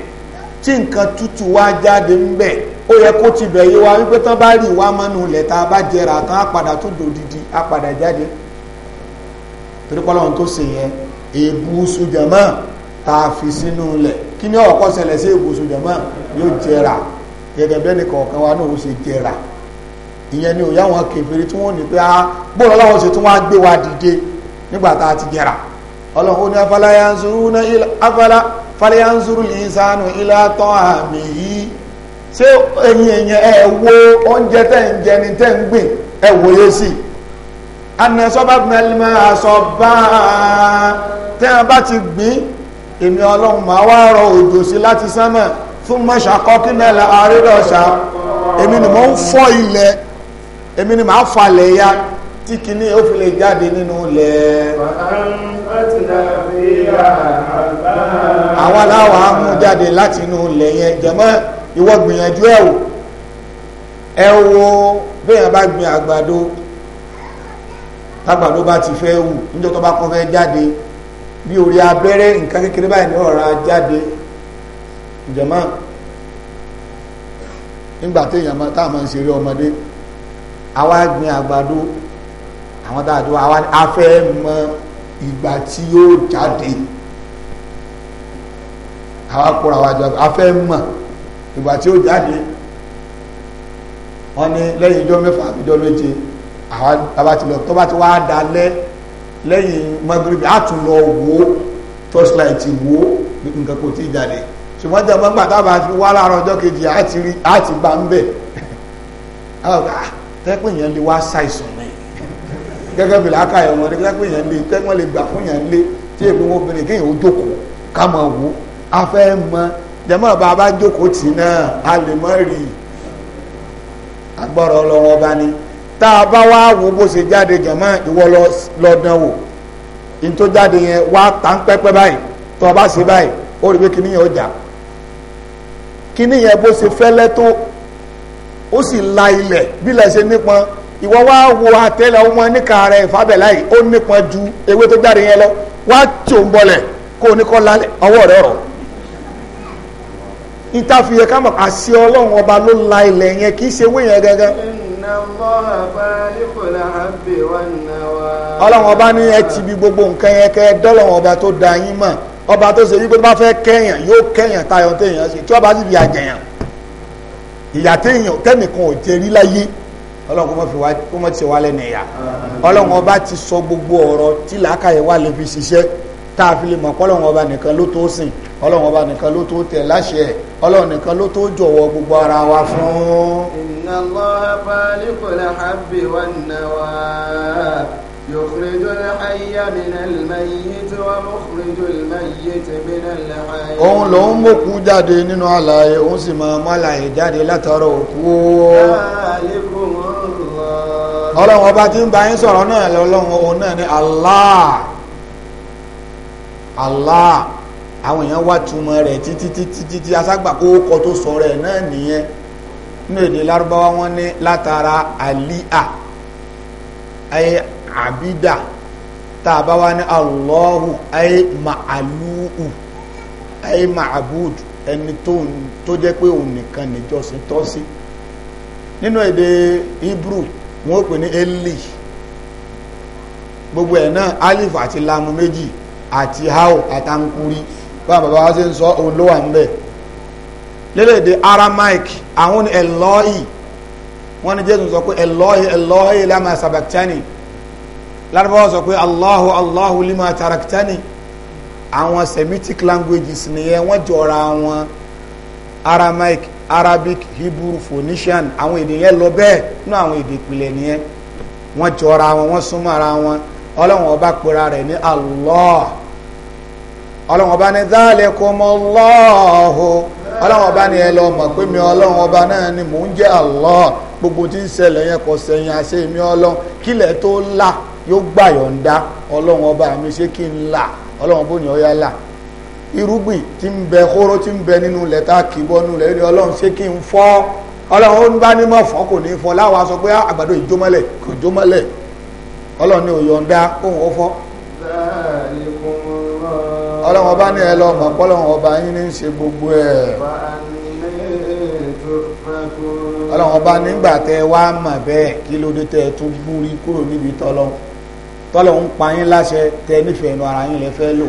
tí nǹkan tútù wá jáde ń bẹ̀ ó yẹ kó ti bẹ̀ yé wa wípé tán bá rí ìwá mọ́nu lẹ̀ tá a bá jẹrà tán á padà tó dòdìdì á padà jáde torí kọ́lọ́n tó ṣe yẹn èébú sojàmọ́ tá a fi sínú lẹ̀ kí ni ọ̀kọ́ ṣẹlẹ̀ sí èébú sojàmọ́ yóò jẹrà gẹ́gẹ́ bẹ́ẹ̀ ni kọ̀ọ̀kan wa náà ó ṣe jẹrà ìyẹn ni òyà wọn kẹfìrí tí wọ́n ní pé a gbọ́dọ̀ láwọn ṣe tí wọ́n á gbé wa dìde nígbà tá a ti jẹra ọlọ́run ó afala yanzuru na ilá afala fala yanzuru ìsánù ilá tán àmì yìí ṣé ẹ̀yin èèyàn ẹ oúnjẹ tẹ́ ń jẹ ni tẹ́ ń gbìn ẹ wòye sí i anasọ́bàbìnàlìmọ̀ àsọ̀bá tẹ́ wọn bá ti gbìn èmi ọlọ́run máa wá rọ òjò sí láti sánmà fún mọ́ṣà kọ́kínẹ́lá àrírọ̀ṣà èmi ni mo ń fọ́ ilẹ̀ èmi ni màá falẹ̀ ya tí kìíní ó fi lè jáde nínú ilẹ̀. àwọn aláwọ̀ á mú jáde láti inú ilẹ̀ yẹn jẹ̀mọ́ ìwọ gbìyànjú ẹ̀ wò ẹ wo bẹ́ẹ̀ bá gbin àgbàdo tágbàdo bá ti fẹ́ wù níjọ́ tó bá kọ́ fẹ́ jáde bí orí abẹ́rẹ́ nǹkan kékeré báyìí ní ọ̀rá jáde jẹ̀mọ́ nígbà téèyàn táwọn máa ń ṣeré ọmọdé àwa gbin àgbàdo àwọn tá a ti wá wá a fẹ́ mọ ìgbà tí yóò jáde àwa kóra wájú a fẹ́ mọ ìgbà tí yóò jáde wọ́n ní lẹ́yìn ijọ́ mẹ́fà àbíjọ́ méje àwa bàbá ti lọ tó bá ti wá dalẹ́ lẹ́yìn mọ́gírìbì á tún lọ wò ó torchlight wò ó nǹkan kò tí ì jáde ṣùgbọ́n jẹ́ mọ́gbà tábà ti wá láàárọ̀ ọjọ́ kejì á ti bá ń bẹ̀ ah, tẹ́pẹ́ yẹn lè wá ṣàìsàn gẹ́gẹ́ bí làákà ẹ̀rọ ní kílápẹ́ yẹn lé tẹ́gbọ́n lè gbà fún yẹn lé tí èpè wọn obìnrin kéèyàn ó jókòó ká mọ̀ wò á fẹ́ mọ jẹ́mọ́ bá a bá jókòó tì náà a lè mọ́ rí i agbọ́rọ̀ ọlọ́run ọba ni tá a bá wá wo bó ṣe jáde jẹ̀mọ́ ìwọ lọ́dán wò ní tó jáde yẹn wá tá ń pẹ́pẹ́ báyìí tó o bá ṣe báyìí ó rí pé kíní yẹn ó jà kíní yẹn bó ṣe fẹ́lẹ́ tó ó sì la ilẹ̀ bí lẹ́ nípọn ìwọ wá wo àtẹ́lẹ̀ ọmọ níka rẹ̀ ìfábẹ̀láì ó nípọn ju ewé tó jáde yẹn lọ wá tí ò ń bọlẹ̀ kó o ní kọ́ lálẹ́ ọwọ́ rẹ̀ ọ̀rọ̀ ìtàfihàn ká mọ̀ àṣẹ ọlọ́run ọba ló la ilẹ̀ yẹn kì í ṣe ewé yẹn gẹ́gẹ́ ọlọ́run ọba ní ẹ ti bi gbogbo nǹkan yẹn kẹ́ dọ́lọ́run ọba tó da yín mọ̀ ọba tó ṣe wípé tó bá fẹ́ kẹ́yàn yóò kẹ́yàn tayọ̀ téèyàn ṣe tí ọba sì fi àjẹyàn ìyà téèyàn tẹ́nìkan ò jẹ rí láyé ọlọ́run kó mọ̀ fi wá kó mọ̀ ti wá lẹ́nu ẹ̀yà ọlọ́run ọba ti sọ gbogbo ọ̀rọ̀ tí làákàyè wà lè fi ṣiṣẹ́ tá a fi lè mọ̀ pọ́lọ́run ọba nìkan ló tó sìn ọlọ́run ọba nìkan ló tó tẹ̀ láṣẹ ọlọ́run nìkan ló tó jọ̀wọ́ gbogbo ara wa fún. inna Allaha faliqul habbi wan nawa يخرج الحي من الميت ومخرج الميت من الحي òun ló ń mọ̀kú jáde nínú alààyè òun sì máa mú alààyè jáde látara òkú. ذلكم ọlọ́run ọba tí ń bá yín sọ̀rọ̀ náà lọ́lọ́run òun náà ni aláà Allah àwọn èèyàn wá túmọ̀ rẹ̀ títí títí títí aságbà tó sọ rẹ̀ náà nìyẹn nínú èdè lárúbáwá ní látara àlíà ayé àbídà tá a ní ayé màálùú ayé màábùd ẹni tó jẹ́ pé òun nìkan nínú èdè wọ́n pè ní eli gbogbo ẹ̀ náà alif àti lamu méjì àti hao àtàǹkúrí bá bàbá wa ṣe ń sọ òun ń bẹ̀ lédèdè Aramaic àwọn ẹlọ́ọ̀ì wọ́n ní Jésù sọ pé ẹlọ́ọ̀ì ẹlọ́ọ̀ì lama sabaqtani lárúbáwá sọ pé Allahu Allahu lima taraktani àwọn Semitic languages nìyẹn wọ́n jọra wọn Aramaic Arabic Hebrew Phoenician àwọn èdè yẹn lọ bẹẹ nú àwọn èdè ìpìlẹ̀ nìyẹn wọ́n jọra wọn wọ́n súnmọ́ ara wọn ọlọ́run ọba pera rẹ ní Allah ọlọ́run ọba ní dhalikumullahu ọlọ́run ọba ní ẹ lọ mọ pé mi ọlọ́run ọba náà ni mò ń jẹ́ Allah gbogbo tí ń ṣẹlẹ̀ yẹn kò sẹ̀yìn àṣẹ mi ọlọ́run kílẹ̀ tó là yóò gbàyọ̀ǹda ọlọ́run ọba mi ṣé kí n là ọlọ́run bó ni ọ yá la. irúgbìn tí ń bẹ kóró tí ń bẹ nínú ilẹ̀ tá a ọlọ́run ṣé kí n fọ́ ọlọ́run ó ń bá ní fọ́ kò ní fọ́ láwa sọ pé ah, àgbàdo ìjómọ́lẹ̀ kò jómọ́lẹ̀ ọlọ́run ni òyọ̀ǹda òun ó fọ́. ọlọ́run ọba ní ẹ mọ̀ pọ́lọ́run ọba yín ní ṣe gbogbo ẹ̀. ọlọ́run ọba nígbà tẹ wá mọ̀ bẹ́ẹ̀ kí ló dé tẹ tún gbúrí kúrò níbi tọ́lọ́run tọ́lọ́run pa yín láṣẹ tẹ nífẹ̀ẹ́ nu ara yín lẹ fẹ́ lò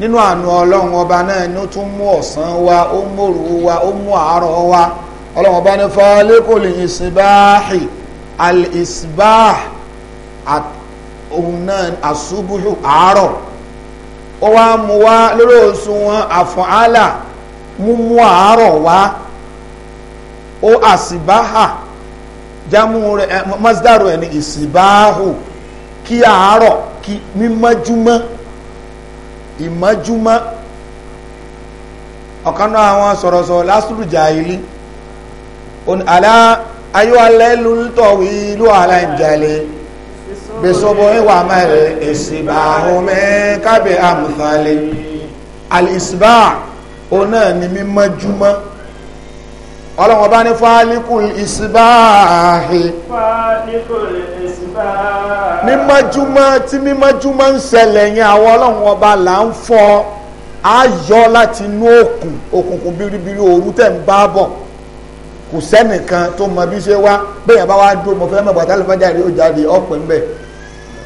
nínú àánú ọlọ́run ọba náà ni ó tún mú ọ̀sán wa ó mú òru wa ó mú àárọ̀ wa ọlọ́run ọba ní fọ́lẹ́kùn lè ìsìnbáàhì al-isbah òun náà àṣubúhù àárọ̀ ó wá mú wá lórí òṣùwọ̀n àfọ̀hálà mú mú àárọ̀ wá ó àṣìbáhà jámú rẹ̀ masdaru ẹni ìsìnbáàhù kí àárọ̀ kí mímọ́júmọ́ ìmọ́júmọ́ ọ̀kan náà àwọn sọ̀rọ̀sọ̀rọ̀ lásìrò jàìlì alá ayọ́alẹ́ ló ń tọ̀wé ìlú aláìjàlẹ̀ bẹ̀sọ̀bọ̀ ìwà mẹ́rẹ̀ ìsìbà omi kábẹ̀ àmùsàlẹ̀ alìsìbà ó ni mímọ́júmọ́ ọlọ́wọ́n bá ní fáálíkù ìsìbà ààhì fáálíkù ìsìbà mímọ́júmọ́ tí mímọ́júmọ́ ń ṣẹlẹ̀ yẹn àwọn ọlọ́run ọba là ń fọ́ ayọ̀ láti inú òkun òkùnkùn biribiri òru tẹ̀ ń bá bọ̀ kò sẹ́nìkan tó mọ bí ṣe wá bẹ́ẹ̀ bá wá dúró mo fẹ́ mọ̀ bàtà lọ́fẹ́jà rí ó jáde ọ̀pẹ̀ ńbẹ̀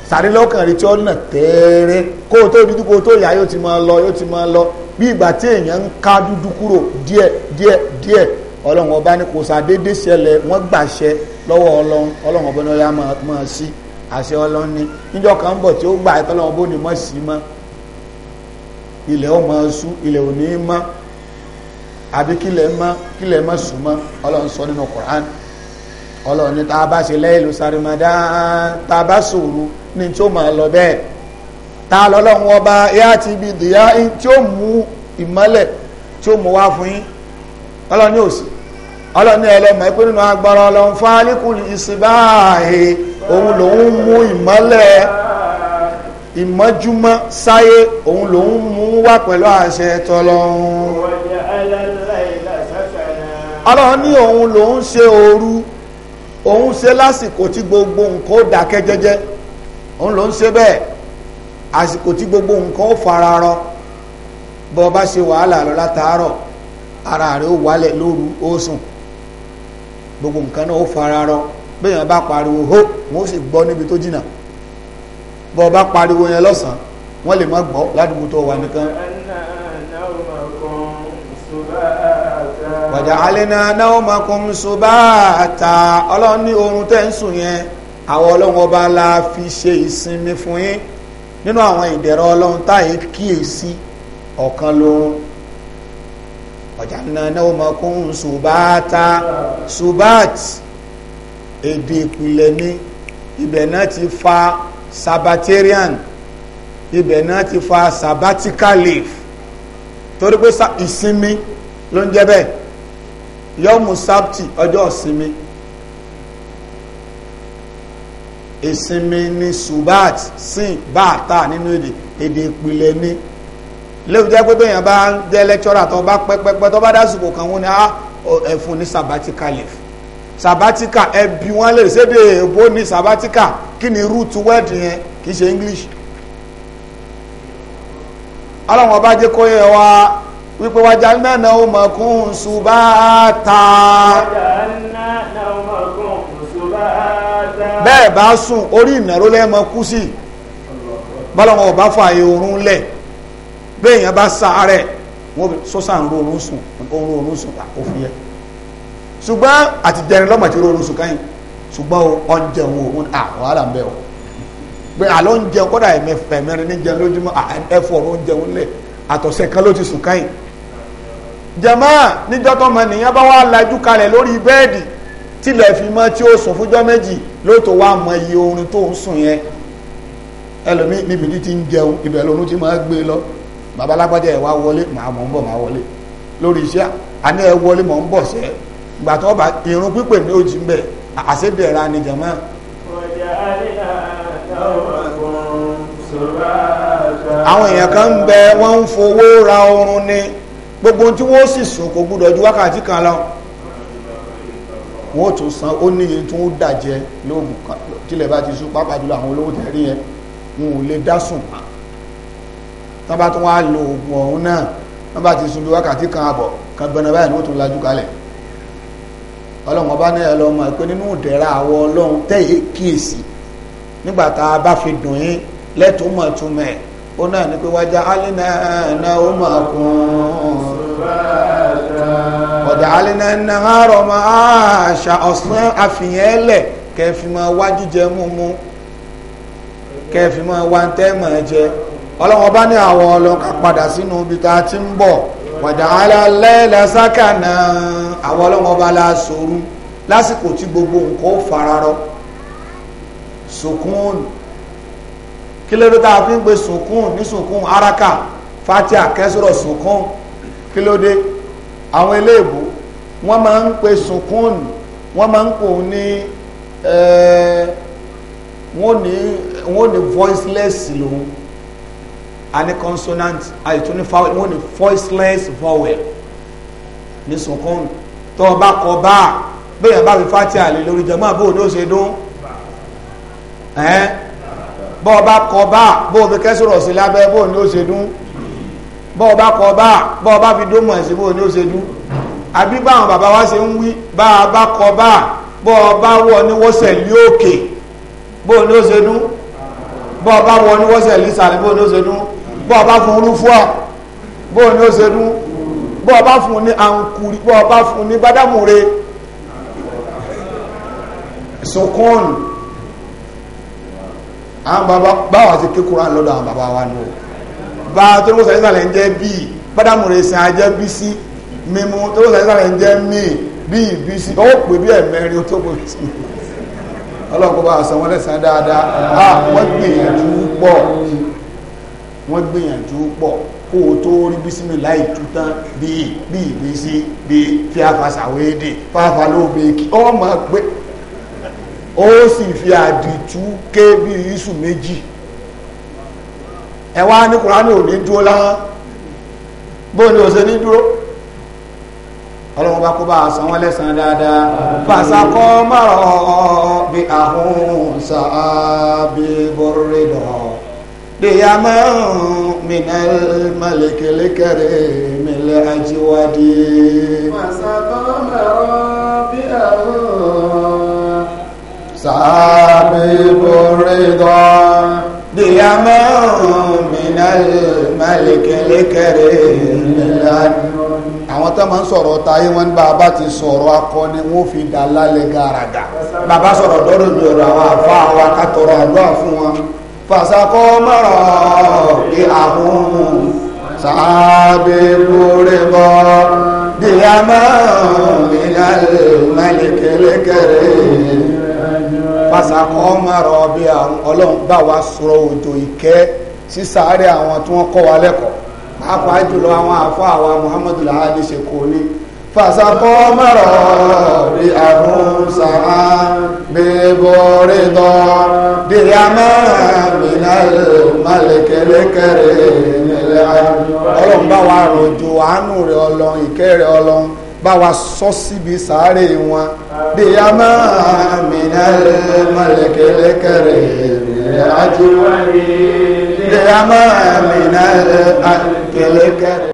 sàrí lọ́kàn rí tí ó nà tẹ́ẹ́rẹ́ kó o tó dúdú kó o tó yà yóò ti máa lọ yóò ti máa lọ bí ìgbà tí èèyàn ń ká dúdú kúrò díẹ̀ díẹ̀ díẹ̀ ọlọ́run ọba ní kò sàdédé ṣẹlẹ̀ wọ́n gbàṣẹ lọ́wọ́ ọlọ́run ọlọ́run ọbẹ̀ náà yá máa sí àṣẹ ọlọ́run ní níjọ́ kan bọ̀ tí ó gbà ẹ̀ tọ́lọ́run bó ni mọ̀ sí mọ́ ilẹ̀ ó máa sú ilẹ̀ ò ní mọ́ àbí kílẹ̀ mọ́ kílẹ̀ mọ́ sùn mọ́ ọlọ́run sọ nínú Qur'an ọlọ́run ní tá a bá ṣe lẹ́yìnlú sàrìmọ́dá tá a bá sòrò ní tí ó máa lọ bẹ́ẹ̀ tá a lọ́lọ́run ọba yá ti ibi ìdìyà tí ó mú ìmọ́lẹ̀ tí ó mú wá fún yín ọlọ́run ní òsì ọlọ́ni ẹlẹ́mọ̀ ẹ pé nínú agbára ọlọ́run fún alikul ìsìnbáàhì òun lòun mú ìmọ́lẹ̀ ìmọ́júmọ́ sáyé òun lòun mú wá pẹ̀lú àṣẹ tọlọ́run ọlọ́run ní òun lòun ṣe òru òun ṣe lásìkò tí gbogbo nǹkan ó dákẹ́ jẹ́jẹ́ òun lòun ṣe bẹ́ẹ̀ àsìkò tí gbogbo nǹkan ó fara bọ́ bá ṣe wàhálà lọ látàárọ̀ ara rẹ̀ ó wálẹ̀ lóru ó sùn gbogbo nǹkan náà ó fara bẹ́ẹ̀ yẹn bá pariwo hó wọ́n sì gbọ́ níbi tó jìnnà bọ́ ọ bá pariwo yẹn lọ́sàn-án wọ́n lè má gbọ́ ládùúgbò tó wà nìkan. wàjà alẹ́nà náà ó máa kún ṣùgbọ́n àtà ọlọ́run ní oorun tẹ́ ń sùn yẹn àwọn ọlọ́run la fi ṣe ìsinmi fún yín nínú àwọn ìdẹ̀rọ ọlọ́run táyé kíyèsí ọ̀kan ọ̀jàna náà mọ̀ kún ṣùbáta ṣùbát èdè ìpìlẹ̀ ní ibẹ̀ náà ti fa sabbatarian ibẹ̀ náà ti fa sabbatical leave torí pé ìsinmi ló ń jẹ́ bẹ́ẹ̀ yọ́mù sábtì ọjọ́ ìsinmi ìsinmi ni ṣùbát sí báàtà nínú èdè èdè ìpìlẹ̀ ní lẹ́nu jẹ́ pé tóyàn bá ń jẹ́ lẹ́kítọ́rà tó bá pẹ́pẹ́pẹ́ tó bá dásìkò kan wọn ah, ni á ẹ̀fún ní sabatika leave sabatika ẹbí wọn lè ṣéde èbó ní sabatika kí ni root word yẹn kì í ṣe English ọlọ́run ọba jẹ́ kó yẹ wa wípé wájà náà náà ó mọ̀ kún subáta. bẹ́ẹ̀ bá sùn orí ìnáró lẹ́ẹ̀mọ kú sí bọ́lọ́run ọba fààyè oorun lẹ̀ bẹ́ẹ̀ yẹn bá sàárẹ̀ wọ́n sọ́sà ń ro oorun sùn oorun oorun sùn kò fi yẹ ṣùgbọ́n àti dẹrin lọ́mọ ti ro oorun sùn káyìn ṣùgbọ́n oúnjẹ wo òun à wàhálà ń bẹ o pé àlọ́ ń jẹun kọ́dà ẹ̀mẹrin ní jẹun lójúmọ́ ẹ̀fọ́ ọ̀rọ̀ ń jẹun lẹ̀ àtọ̀sẹ̀ kan ló ti sùn káyìn jàmá níjọ́ tó mọ nìyẹn bá wà lajú kalẹ̀ lórí bẹ́ẹ̀dì tilẹ̀ fi mọ́ tí ó sùn fúnjọ́ méjì lóòótọ́ wà mọ iye oorun tó ń sùn yẹn ẹlòmíì níbi tí ń jẹun ibẹ̀ lóorun ti máa gbé lọ bàbá alágbájá ẹ̀ wá wọlé màá mọ̀ ń bọ̀ màá wọlé lórí iṣẹ́ àní ẹ wọlé mọ̀ ń bọ̀ sẹ́ ìgbà tó bá irun pípè ní òjì ń bẹ̀ àṣẹ́bẹ̀rẹ̀ ni jẹ̀mọ́. àwọn èèyàn kan ń bẹ wọ́n ń fowó ra oorun ni gbogbo tí wọ́n sì sùn kò gbúdọ̀ ju wákàtí kan lọ wọ́n tún san ó ní iye tó ń dàjẹ́ lóògùn kan tílẹ̀ bá ti sún pápá jùlọ àwọn olówó tẹ̀rí yẹn wọn ò lè dá sùn pa tán bá tún wá lo oògùn ọ̀hún náà wọ́n bá ti sun bí wákàtí kan àbọ̀ kan gbẹ̀nà báyìí ni ó tún lajú kalẹ̀ ọlọ́run ọba ní ẹlọ ọmọ ìpé nínú ìdẹ̀ra àwọ ọlọ́run tẹ̀yẹ kíyèsí nígbà tá a bá fi dùn yín lẹ́tùmọ̀tùmọ̀ ẹ̀ ó náà ní pé wájà alínà náà ó máa kún ọ̀dà alínà náà rọ̀ máa ṣà ọ̀sán àfihàn ẹlẹ̀ kẹfì máa wá jíjẹ múmu kẹfì wá ń tẹ́ máa jẹ. ọlọ́wọ́n bá ní àwọn ọlọ́ka padà sínú ibi tá ti ń bọ̀ alálẹ́lẹ́ sákànà àwọn ọlọ́wọ́n bá la lásìkò tí gbogbo nǹkan fararọ sùkún kí ló dé fi ń pe ní araka fatia kẹsùrọ̀ kí ló dé àwọn eléèbó wọ́n máa ń pe wọ́n máa voiceless lòun a consonant a tuni tún ní ni voiceless vowel ní sunkún tó o bá kọ bá a bẹ́ẹ̀ bá fi fati àlè lórí jẹ́ máa bó o ní o ṣe dún bọ́ ọ bá kọ bá a bó o fi sí lábẹ́ bó ní o ṣe dún bọ́ ọ fi dún mọ̀ sí bó ní o ṣe àbí báwọn bàbá wa ṣe ń wí bá a bá kọ bá a bọ́ ọ bá wọ ní wọ́sẹ̀ lé òkè bó o ní o ṣe dún wọ ní wọ́sẹ̀ lé sàlẹ̀ bó ní o ṣe bọ́ ọba fún olúfúà bó ní ó ṣe dún bọ́ ọba fún ní àǹkùrí bọ́ ọba fún ní bádámùre sokun àwọn bàbá báwa ti ké Kùránì lọ́dọ̀ àwọn bàbá wa nù bá tó ló sàyẹ́sà lẹ́ ń jẹ́ bíi bádámùre sin ajẹ́ bí sí mímú tó ló sàyẹ́sà lẹ́ ń jẹ́ míì bíi bí sí ó pè bí ẹ̀mẹ́rin tó pè sí ọlọ́kọ̀ bá a sọ wọn lẹ́sàn-án dáadáa ah, wọ́n gbìyànjú pọ̀ wọ́n gbìyànjú pọ̀ kó o tó rí bísímì láì tú tán bíi bíi fi bíi fíafasàwédè fáfa ló bèèkì ọmọ pé ó sì fi àdìtú ké bí iṣu méjì ẹ wá ní kùránì ò ní dúró láwọn bó ni ò ṣe ní dúró ọlọ́run bá kó bá san wọ́n lẹ́sàn dáadáa fàṣàkọ́ márọ̀ bí àhún sàábí bọ́rẹ́dọ̀ọ́ قياما من الملك الكريم الأجود وسقم ربه سابب الرضا قياما من الملك الكريم الأجود àwọn tó máa ń sọ̀rọ̀ táyé wọn ní bàbá ti sọ̀rọ̀ akọni wọn fi dà lálẹ́ gàràgà bàbá sọ̀rọ̀ dọ́dọ̀ ní àwọn àfa àwọn akátọ̀rọ̀ àdúrà fún wọn fàṣàkọ́ mọ́rọ̀ kí àhún sábẹ́ kúrè bọ́ dìyàmọ́ ìlàlẹ̀ mẹ́lẹ̀kẹ́lẹ́kẹ́rẹ́ fàṣàkọ́ mọ́rọ̀ bí ọlọ́run bá wa sọ̀rọ̀ òjò ìkẹ́ sí sàárẹ̀ àwọn tí wọ́n kọ́ wa lẹ́kọ̀ọ́ pàápàá jùlọ àwọn àfọ́ àwa Muhammadu lahadi ṣe kò ní فسقوا مرارئهم سعى ببرضا ديما من الملك الكريم ọlọ́run bá wa rọ̀jò àánú rẹ̀ ọlọ́run ìkẹ́ rẹ̀ ọlọ́run bá wa sọ síbi sàárè wọn dèyàmá mìíràn mọ̀lẹ́kẹ̀lẹ́kẹ̀rẹ̀ àjẹwáyé dèyàmá mìíràn mọ̀lẹ́kẹ̀lẹ́kẹ̀rẹ̀.